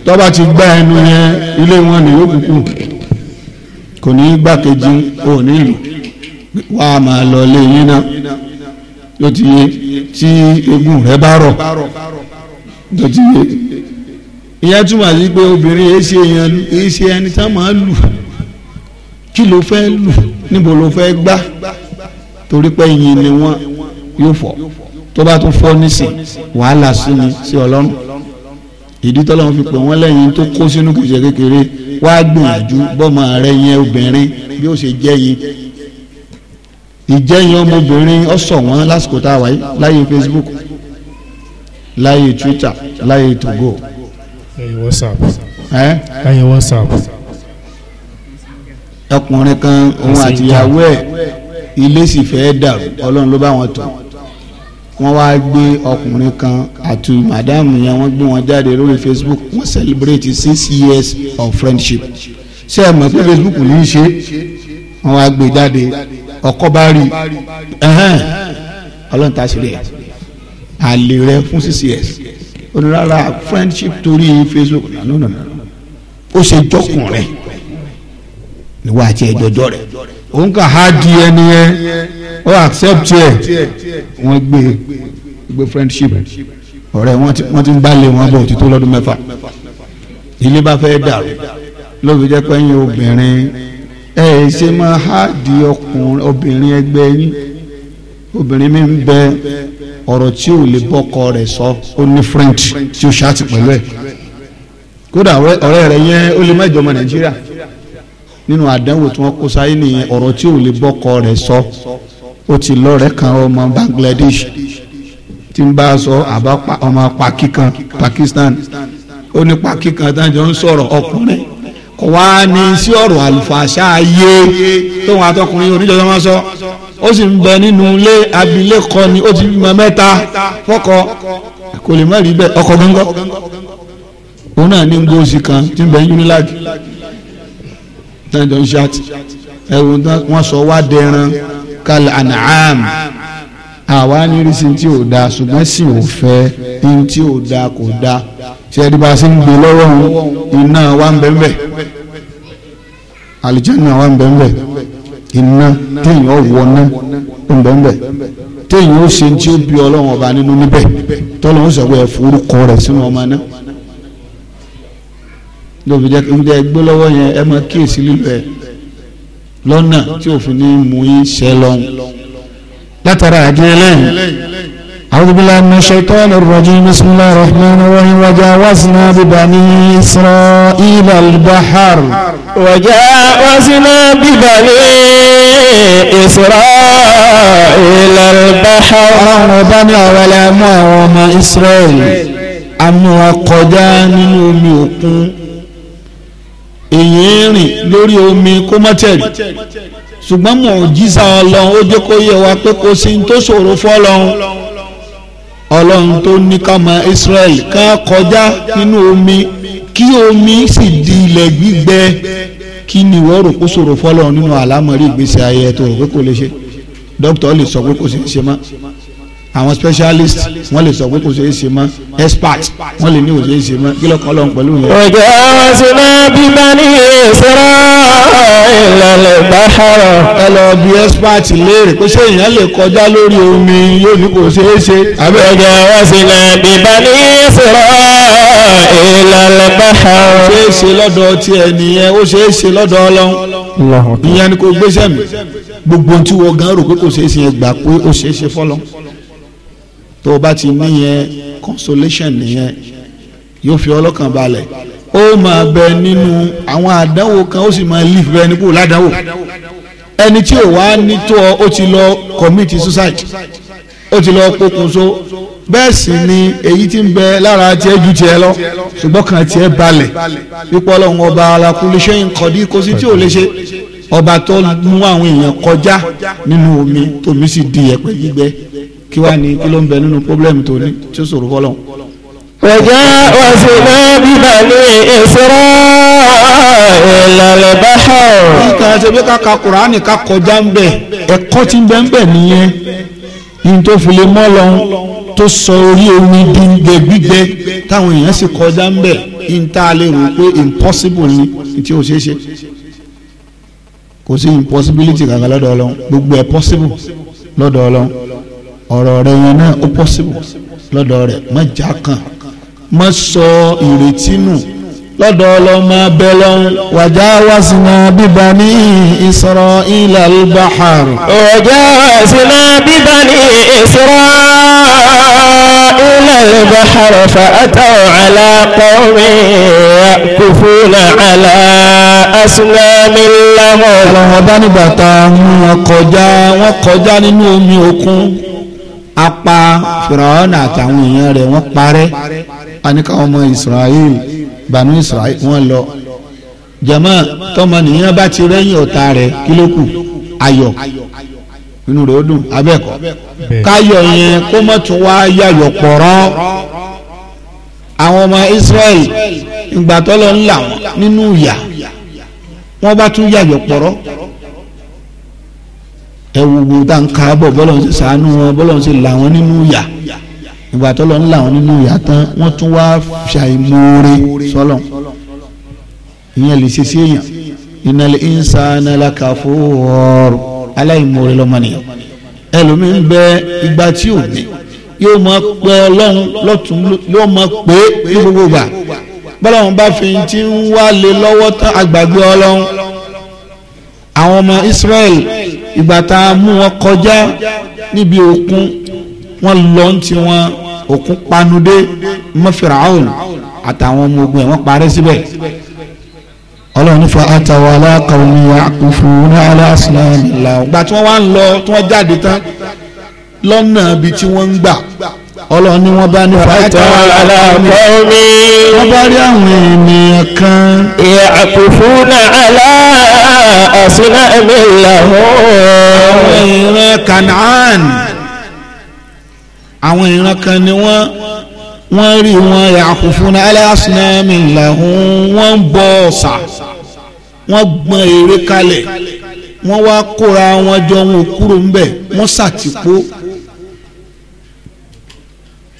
tọ́ba ti gbá ẹnu yẹn ilé wọn ni yóò kúkú kò ní í gbàkejì ò ní ìlú wà á máa lọ lé yín náà yóò ti yé tí egun rẹ bá rọ yóò ti yé ìyá túmọ̀ sí pé obìnrin yìí ṣe èèyàn ṣe ẹni tá máa lù kí ló fẹ́ lù níbo ló fẹ́ gbá torí pé iyin ni wọ́n yóò fọ́ tó bá tún fọ́ nísìn wàhálà sí ni sí ọlọ́run ìdí tọ́lọ́run fi pè wọ́n lẹ́yìn tó kó sínú kìí kékeré wá gbìyànjú bọ́mọ rẹ yẹn obìnrin bí ó ṣe jẹ́ yìí ìjẹ́yìn ọmọbìnrin ọ̀sọ̀ wọn lásìkò tá a wáyé láyé Facebook láyé Twitter láyé togo. láyé WhatsApp. ẹ́ láyé WhatsApp. ọkùnrin kan òun àtìyàwó ẹ̀ ilé sì fẹ́ dàrú ọlọ́run ló bá wọn tọ̀ wọ́n wá gbé ọkùnrin kan àti màdáàmù yẹn wọ́n gbé wọn jáde lórí Facebook wọ́n celebrate six years of friendship ṣé ẹ mọ̀ pé Facebook ní í ṣe wọ́n wá gbé jáde ọkọ bá rí ọlọ́run tá a ṣe rí ẹ̀ àlè rẹ fún six years onírara friendship torí Facebook nínú nínú ó ṣe jọkùn rẹ níwájú ẹjọ́jọ́ rẹ òun kà á di ẹni yẹn ó accept ẹ wọ́n gbé gbé friendship ọ̀rẹ́ wọ́n ti ń gbálé wọn bọ̀ títí lọ́dún mẹ́fà ilé bá fẹ́ dàrú lóbi jẹ́ pé ẹ̀yin obìnrin ẹ ẹ ṣe máa há di ọkùnrin obìnrin ẹgbẹ́ yín obìnrin mi ń bẹ ọ̀rọ̀ tí ò lè bọ́kọ rẹ̀ sọ ó ní french tí ó ṣáàtì pẹ̀lú ẹ̀ kódà ọ̀rẹ́ rẹ̀ yẹn ó lè má jọmọ nàìjíríà nínú àdánwò tí wọ́n kó sáyé nìyẹn ọ̀rọ̀ tí ò lè bọ́kọ rẹ̀ sọ ó ti lọ́rẹ̀ẹ́ kan ọmọ Bangladesh tí ń bá a sọ àbá ọmọ paki kan Pakistan ó ní paki kan tá à ń jọ ń sọ̀rọ̀ ọkùnrin kò wá ní sí ọ̀rọ̀ àlùfàṣà ayé tóun àtọkùnrin oníjọba máa sọ ó sì ń bẹ nínú ilé abilékọ ni ó ti bímọ mẹ́ta fọ́kọ kò lè má rí bẹ́ẹ̀ ọkọ gángan òun náà ní gbòòsì kan tí ń bẹ UNILAG tẹ́jọ́ ń ṣáàtì ẹ̀wọ̀n wọ́n sọ wá dẹran kal an'am àwa ní irisi tí ò da ṣùgbọ́n sì ò fẹ́ ní tí ò da kò da ṣe ẹni bá a ṣe ń gbé lọ́wọ́ iná wa ń bẹ́ẹ̀ àlìjẹ́nà wa ń bẹ́ẹ̀ iná téèyàn wọ̀ ná ń bẹ́ẹ̀ téèyàn ó ṣe tí ó bí ọlọ́run ọba nínú níbẹ̀ tọ́lọ́run sọ̀rọ̀ ẹ̀ forúkọ rẹ̀ sínú ọmọ náà lóbi jẹ́ kí n jẹ́ gbé lọ́wọ́ yẹn ẹ máa kíyèsí lílo ẹ̀ lọ́nà tí òfin ní mú yín ṣẹ lọ́hùn. látara àdìyẹ lẹ́yìn. أعوذ بالله من الشيطان الرجيم بسم الله الرحمن الرحيم وجاوزنا ببني إسرائيل البحر وجاوزنا ببني إسرائيل البحر ọlọ́run ọba ní àwọn ẹlẹ́mú àwọn ọmọ Israẹli àmì wọn kọjá nínú omi òkun èyí ń rìn lórí omi kó má tẹ̀rì ṣùgbọ́n mò ń jísà ọlọ́run ó jẹ́ kó yé wa pé kò sí tó ṣòro fọ́lọ́run ọlọ́run tó ní ká mọ Israel ká kọjá nínú omi kí omi sì di ilẹ̀ gbígbẹ kí ni ìwọ́ rò kó ṣòro fọ́lọ́run nínú àlámọ̀rí ìgbésí ayé tó rò pé kò lè ṣe dókítà lè sọ pé kò sì ń ṣe mọ́ àwọn specialist wọ́n lè sọ pé kò ṣeé ṣe mọ́ expert wọ́n lè ní kò ṣeé ṣe mọ́ kí lọ́kọ́ lọ́n pẹ̀lú yẹn. ọjọ́ sinmi bíbá ní ìṣòro ìlànà ìbáṣọrọ. ẹ lọ bí expert léèrè pé ṣé èèyàn lè kọjá lórí omi yóò ní kò ṣeé ṣe. ọjọ́ sinmi bíbá ní ìṣòro ìlànà ìbáṣọrọ. ó ṣeé ṣe lọ́dọ̀ tiẹ̀ nìyẹn ó ṣeé ṣe lọ́dọ̀ ọlọ́run ìyẹn ni kò gbéṣẹ́ mi gbogbo ohun tí wọ́n gan rò pé kò ṣeé ṣe gbà pé ó ṣeé ṣe fọ́lọ́. tó o bá ti níyẹn consolation nìyẹn yóò fi ọlọ́kàn balẹ̀ ó máa bẹ nínú àwọn àdánwò kan ó sì máa leaf bẹ ẹni kúrò ládánwò ẹni tí ò wá ní tó ọ ó ti lọ commit suicide ó ti lọ pokùnso bẹ́ẹ̀ sì ni èyí ti ń bẹ lára tiẹ̀ ju tiẹ̀ lọ ṣùgbọ́n kan tiẹ̀ balẹ̀ pípọ́ lọ́hùn ọba alákùnléṣẹ́ nkọ́dí kò sí tí ò lè ṣe ọba tó mú àwọn èèyàn kọjá nínú omi tòmí sì di ẹ̀pẹ̀ gbígbẹ kí wàá ní kí ló ń bẹ nínú pọ́blẹ́mù tó ní tí ó ṣòro fọlọ́n. wàjà wàsílẹ̀ bíbá ní ìṣòro ìlàlẹ̀ báṣọ. kíkà ṣe pé káka kùránì ká kọjá ń bẹ̀ ẹ̀kọ́ tí ń bẹ ń bẹ̀ nìyẹn yìí tó fi lè mọ́ lọ́hún tó sọ orí omi di gbẹ gbígbẹ táwọn èèyàn sì kọjá ń bẹ̀ yìí tá a lè rò pé impossible ni tí ó ṣeé ṣe kò sí impossibility kankan lọ́dọ̀ ọlọ́run gbogbo ẹ̀ possible lọ́dọ̀ ọlọ́run ọ̀rọ̀ rẹ yẹn náà ó pọ́sibù lọ́dọ̀ rẹ̀ má já kan má sọ ìrètí nù lọ́dọ̀ ọlọ́mọ abẹ́ lọ́hún. wàjà wàsínà bíbá ní ìsọ̀rọ̀ ilẹ̀ albahar. wàjà wàsínà bíbá ní ìsọ̀rọ̀ ilẹ̀ albahar fàtàw àlà kọ́mi kùfúnà àlà asùnàmì lọ́wọ́. ọlọ́wọ́ bá nígbà tá a mú wọn kọjá wọn kọjá nínú omi òkun apá fìràwọ́nà àtàwọn èèyàn rẹ̀ wọ́n parẹ́ àníkà ọmọ Israel banu Israel wọ́n lọ jama tọmọ nìyẹn bá ti rẹ́yìn ọ̀tá rẹ̀ kílókù ayọ̀ inú rẹ̀ ó dùn abẹ́ẹ̀kọ́ káyọ̀ yẹn kó mọ̀ tún wá yàyọ̀ pọ̀rọ́ àwọn ọmọ Israel ìgbà tọ́lọ́ ńlá wọn nínú ìyà wọ́n bá tún yàyọ̀ pọ̀rọ́ ẹ wo wo tá n ka bọ̀ bọ́lọ̀ ń ṣe sàánú wọn bọ́lọ̀ ń ṣe là wọn nínú yà ìgbà tó lọ ń là wọn nínú yà tán wọ́n tún wá ṣàìmoore sọ́lọ̀ ìyẹn lè ṣe sí èèyàn innal insana lakafur aláìmoore lọ́mọ ẹlòmíín bẹ ìgbà tí ò ní yóò máa pẹ ọlọ́run lọ́tún yóò máa pé ní gbogbo gbà bọ́lọ́run bá fi ti ń wá lé lọ́wọ́ tán àgbàgbé ọlọ́run àwọn ọmọ Israẹli ìgbà tá a mú wọn kọjá níbi òkun wọn lọ ń ti wọn òkun panudé mọ́ Firaun àtàwọn ọmọ ogun ẹ̀ wọ́n parẹ́ síbẹ̀ ọlọ́run fa àtàwọn aláàkàwọn àkùnfún ní aláàsìláàmì làwọn. ìgbà tí wọ́n wá ń lọ tí wọ́n jáde tán lọ́nà ibi tí wọ́n ń gbà ọlọ́run ni wọ́n bá ní fàtà aláàmì wọ́n bá rí àwọn ènìyàn kan. ìyàkùfúnà aláàsínà ẹ̀mẹ́lẹ́hó. àwọn ìran kanaan àwọn ìran kan ni wọ́n wọ́n rí wọn ìyàkùfúnà aláàsínà ẹ̀mẹ́lẹ́hó wọ́n ń ọ̀sà wọ́n gbọ́n ère kalẹ̀ wọ́n wá kóra wọn jọ wọn kúrò ńbẹ̀ wọ́n ṣàtìpó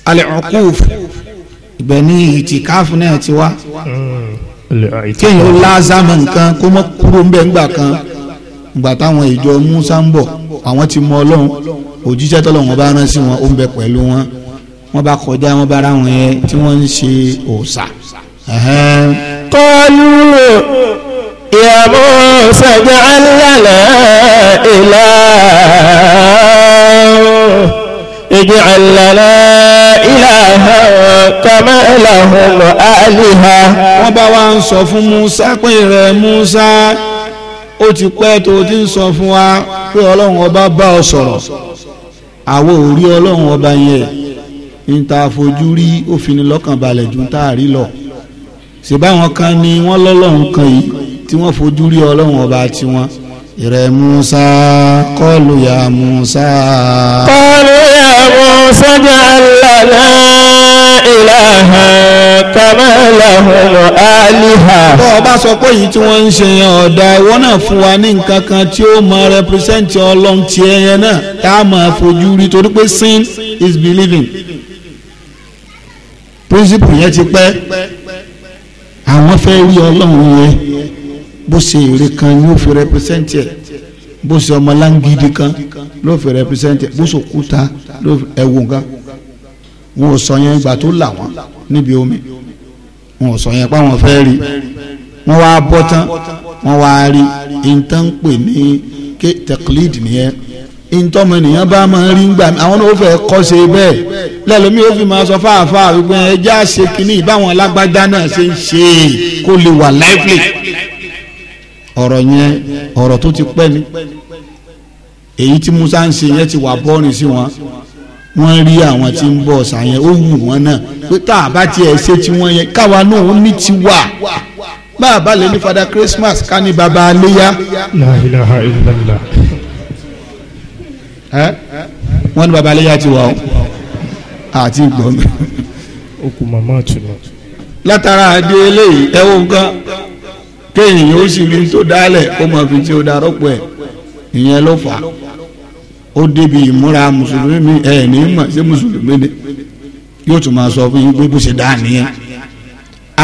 al-uquf ibẹ̀ ní ìtìkáfù náà ti wá kéèyàn ó láàzámọ̀ nǹkan kó mọ́ kúrò ńbẹ̀ ńgbà kan ìgbà táwọn ìjọ Musa ń bọ̀ àwọn ti mọ Ọlọ́run òjíṣẹ́ tọ́lọ́run bá rán sí wọn ó ń bẹ pẹ̀lú wọn wọ́n bá kọjá wọn bá ra wọn yẹn tí wọ́n ń ṣe òòṣà. kọlu ya Musa ja'al lana ilaha. اجعل لنا إلها كما لهم آلهة wọ́n bá wa ń sọ Musa pé Musa ó ti pẹ́ tó ti ń sọ fún wa pé ọlọ́run ọba bá ọ sọ̀rọ̀ àwọn ò rí ọlọ́run ọba yẹn ń ta fojú rí ó fi ni lọ́kàn balẹ̀ ju tá a rí lọ ṣèbáwọn kan ni wọ́n lọ́lọ́run kan yìí tí wọ́n fojú rí ọlọ́run ọba tiwọn ìrẹ̀ Musa kọ́ọ̀lù ya Musa. kọ́ọ̀lù موسى اجعل لنا إلها كما لهم آلهة. bọ́ bá sọ pé èyí tí wọ́n ń ṣe yẹn ọ̀dà ìwọ náà fún wa ní nǹkan kan tí ó máa rẹpírẹsẹ̀ntì ọlọ́run ti ẹyẹ náà tá a máa fojú rí torí pé sin is believing. principle yẹn ti pẹ́ àwọn fẹ́ rí ọlọ́run yẹn bó ṣe èrè kan ni ó fi rẹpírẹsẹ̀ntì ẹ̀ bó ṣe ọmọ láǹgìdì kan ló fi rẹpísẹ́ntì bó ṣe òkúta ló fi ẹ̀wù nǹkan wọn ò sọ yẹn ìgbà tó là wọn níbi omi wọn ò sọ yẹn páwọn fẹ́ rí wọn wá bọ́ tán wọn wá rí ìtàn pè ní tẹ̀klid nìyẹn ìtọ́mọ ènìyàn bá máa rí ń gbà àwọn náà fẹ́ kọ́ ṣe bẹ́ẹ̀ lẹ́lọ́mí ó fi máa sọ fáàfáà wípé ẹjẹ́ àṣekínní ìbáwọn alágbádá náà ṣe ń ṣe kó lè wà lively ọ̀rọ̀ yẹn ọ̀rọ̀ tó ti pẹ́ ni èyí tí Musa ń ṣe yẹn ti wà bọ́ọ̀rìn sí wọn wọ́n rí àwọn tí ń bọ̀ ọ̀sán ó wù wọ́n náà pé tá a bá tiẹ̀ ṣe tí wọ́n yẹn káwa náà ní ti wà bá a bá lè ní Father Christmas ká ní baba aléyá. La ilaha illallah. ẹ wọ́n ní baba aléyá ti wà ó àti gbọ́n mi. okùn màmá àtúnú. látara adé eléyìí ẹ wo nǹkan kéèyàn ó sì rí tó dálẹ̀ kó máa fi tí ó darọ́pọ̀ ẹ̀ ìyẹn ló fà á ó débi ìmúra mùsùlùmí mi ẹ̀ ní mà ṣé mùsùlùmí ni yóò tún máa sọ fún yín pé bó ṣe dá nìyẹn.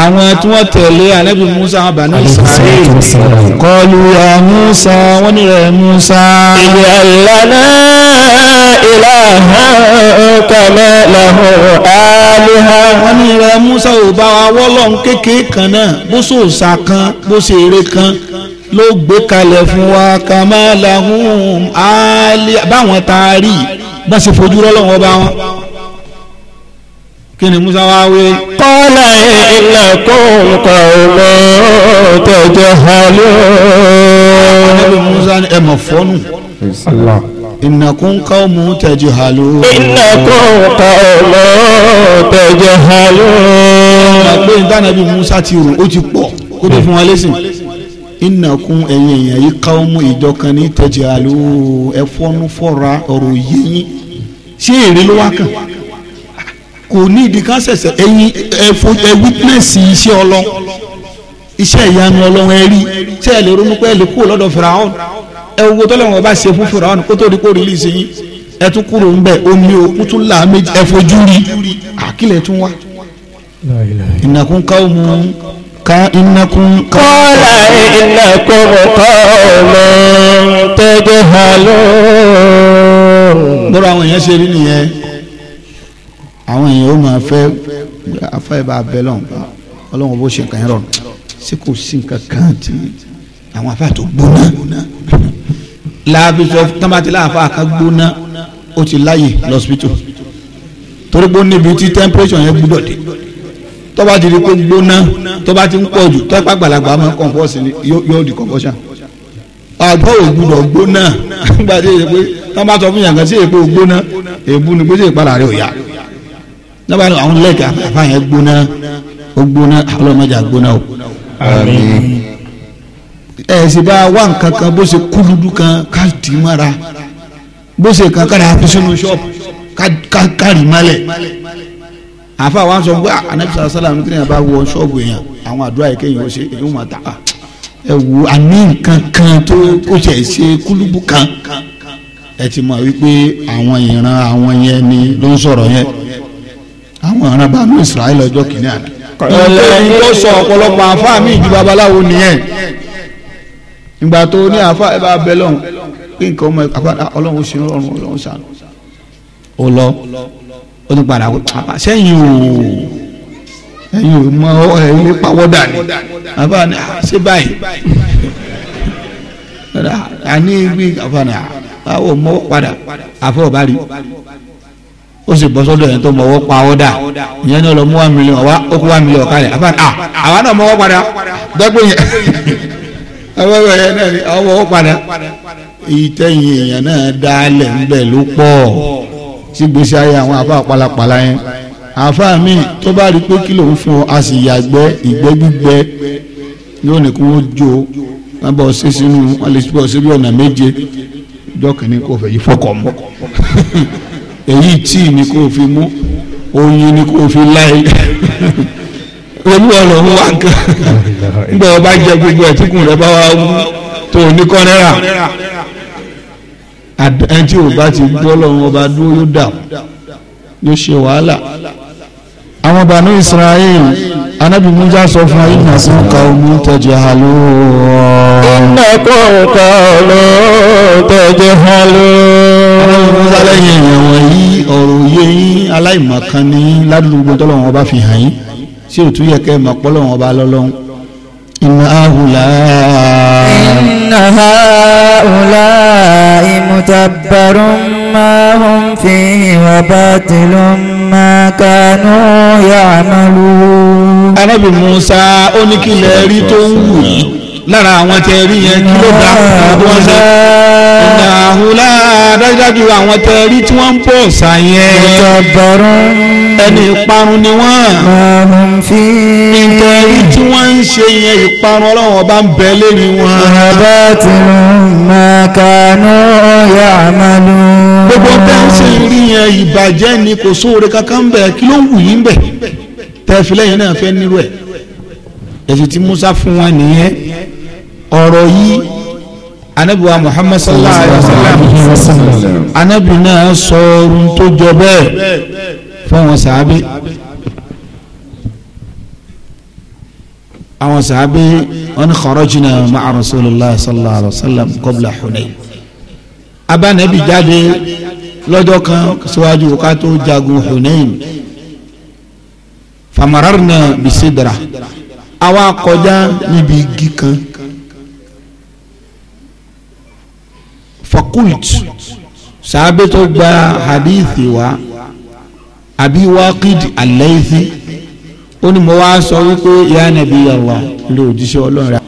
àwọn tí wọ́n tẹ̀lé alẹ́bí musa abanu israel kọlu ya musa wọ́n ní rẹ̀ musa. ìyá ìlànà ilahan kama lahu aliha. wọ́n ní rẹ̀ Musa ò bá wa wọ́lọ́n kékeré kan náà bó sòòsà kan bó ṣeré kan ló gbé kalẹ̀ fún wa kama lahu aliha báwọn taari bá ṣe fojú rọ́lọ́wọ́ bá wọn kí ni musa wá wé. kọ́lá iná kó nǹkan ọmọ tẹ̀jẹ̀ hàlú. ànábì musa ni fọ́nù ìnàkún káwọ́mù tẹ̀jú hàlú. ìnàkún káwọ́mù tẹ̀jú hàlú. àgbẹ̀ ìdánàbí Musa ti rò ó ti pọ̀ kó tó fún wa lẹ́sìn ìnàkún ẹ̀yìn èèyàn yìí káwọ́mù ìjọkan ní tẹ̀jú hàlú ẹ̀fọ́nú fọ́ra ọ̀rọ̀ yẹ́yìn ṣé èrè ló wá kàn kò ní ìdí ká ṣẹ̀ṣẹ̀ ẹ̀yìn ẹ̀fọ́ ẹ̀ wítínẹ̀sì iṣẹ́ ọlọ́ iṣẹ́ ìyanu ọlọ́run ẹ̀ rí ṣé ẹ̀ lè ronú pé ẹ̀ lè kúrò lọ́dọ̀ Fìràhàn ẹ wo tọ́lọ́wọ́n bá ṣe fún fúnra kó tó di kó rìlíìsì yín ẹ tún kúrò ń bẹ omi òkú tún là méjì ẹ rí àkìlẹ̀ tún wá. ìnàkún káwọn mú ká ìnàkún káwọn. kọ́lá ìnàkún kọ́ọ̀lù tẹ́jọ́ hàló. bọ́dọ̀ àwọn èèyàn ṣe rí nìyẹn àwọn èèyàn ó máa fẹ́ afẹ́ bá bẹ́ lọ́n ọlọ́run bó ṣe kàn yín rọrùn sí kò sí nǹkan kan tí àwọn afẹ́ àtò gbóná láàbí sọ tán bá ti láàfà kan gbóná ó ti láyè lọ́sibítù torí pé ó níbi tí tẹ́mpẹ́rẹ́sọ̀ yẹn gbúdọ̀ dé tó bá ti di pé gbóná tó bá ti ń pọ̀ jù tọ́pá gbàlagbà máa ń kọ̀ǹpọ̀sì ni yóò di kọ̀ǹpọ̀sà àgbọ̀ ògbúdọ̀ gbóná nígbà tí èyí pé tán bá sọ fún yàgàn sí èyí pé ògbóná èbú ni pé sí ìpalà rẹ̀ ò yá nígbà tí àwọn lẹ́ẹ̀kì àfààyàn gbóná ó gbóná ọlọ́mọdé àgbóná o ẹ ṣe bá wá nǹkan kan bó ṣe kúlúdú kan ká dì í mọ́ra bó ṣe kan kára fi sínú ṣọ́ọ̀bù ká kárì mọ́lẹ̀ àfa wa sọ pé anabisa sálàmù tí yẹn bá wọ ṣọ́ọ̀bù yẹn àwọn àdúrà yìí kéèyàn ó ṣe èyí ó máa ta ah, ẹ wò àní nǹkan kan tó ó ṣe ṣe kúlúbù kan ẹ ti mọ̀ wípé àwọn ìran àwọn yẹn ni ló ń sọ̀rọ̀ yẹn àwọn ìran bá nú Israẹli ọjọ́ kìnìún àná. ọ̀lẹ́ ni ó sọ ọ̀pọ̀lọpọ̀ àfa mi ìjù babaláwo nìyẹn ìgbà tó ní àfa ẹ bá bẹ lọ́hùn pé nǹkan ọmọ àfa ọlọ́run ṣe ọrùn ọlọ́run ṣàánú ó lọ ó tún padà wọ àbá sẹ́yìn o ẹ̀yin ò mọ ẹ̀yin pawọ́dà ni àbá ni ṣé báyìí àní wí àbá ni àwọn mọ́wọ́ padà àfọ ọ̀bá rí ó sì bọ́ sọ́dọ̀ yẹn tó mọ́wọ́ pawọ́dà ìyẹn náà lọ mú one million ó kó one million kalẹ̀ àbá ni àwa náà mọ́wọ́ padà dẹ́gbẹ́ yẹn àwọn ẹ̀yẹ náà ni àwọn ò padà ìtẹ̀yìn èèyàn náà dálẹ̀ ńbẹ̀ ló pọ̀ sí ayé àwọn àfa pàlàpàlà yẹn àfa mi tó bá rí pé kí ló ń fún ọ a sì yàgbẹ́ ìgbẹ́ gbígbẹ yóò ní kí wọ́n jó wọ́n bọ̀ ṣe sínú wọ́n lè bọ̀ ṣe ọ̀nà méje dọ́kìnní kò fẹ́ yí fọkọ̀ mọ́ èyí tíì ni kò fi mú oyin ni kò fi láì olú ọ̀rọ̀ ń wá nǹkan nígbà wọn bá jẹ gbogbo ẹ̀ tíkùn rẹ bá wá tó ní kọ́nẹ́rà ẹni tí ò bá ti gbọ́ lọ́wọ́ ọba dúró yóò dà yóò ṣe wàhálà. àwọn bànú Israel anábì Musa sọ fún ayé náà sí nǹkan omi tẹ̀jẹ̀ hàlú. iná kọ́ ọ̀kan ló tẹ̀jẹ̀ hàlú. anábì Musa lẹ́yìn ìrìn wọ̀nyí ọ̀rọ̀ yẹn aláìmọ̀kan ní ládùúgbò tọ́lọ́wọ́n ọba fi hàn yín ṣé ò tún yẹ kẹ́ ẹ mọ̀ pọ́lọ́ wọn bá lọ́lọ́hún. iná ahùlá. iná máa ń fi ìwà bá tìlú máa kánú yàmàlú. arábì Musa ó ní kí lè rí tó ń wù yìí lára àwọn tẹ yẹn kí ló bá àwọn tó ń sẹ́ ìnáhùlá dájúdájú àwọn tẹ rí tí wọ́n ń bọ̀ ọ̀sà yẹn. ìjọ bọ̀rọ̀. ẹni ìparun ni wọ́n. ọ̀run fi. ìtẹ̀rí tí wọ́n ń ṣe yẹn ìparun ọlọ́run ọba ń bẹ lẹ́yìn wọn. ọba ti máa kanú ọ̀yà àmàlú. gbogbo bẹ́ẹ̀ ṣe rí yẹn ìbàjẹ́ ni kò sóore kankan bẹ̀ kí ló ń wù yín bẹ̀ tẹ̀fílẹ̀ yẹn náà fẹ́ nírú ẹ̀ èsì tí Musa fún wa nìyẹn ọ̀rọ̀ yìí anabi wa muhammad sallallahu alaihi wa sallam anabi náà sọ ohun tó jọ bẹ́ẹ̀ fún wọn sàábé àwọn sàábé wọn kharajna ma'a rasulillah sallallahu alaihi wa sallam qabla hunayn abánabi jáde lọ́jọ́ kan síwájú ká jagun hunayn famararna bisidra àwa kọjá níbi igi kan. fakult sàbẹ̀ tó gba hadithi wa àbí wákìd aláìsí ó ní mo wá sọ wípé ya nabi Allah ló òjíṣẹ́ ọlọ́run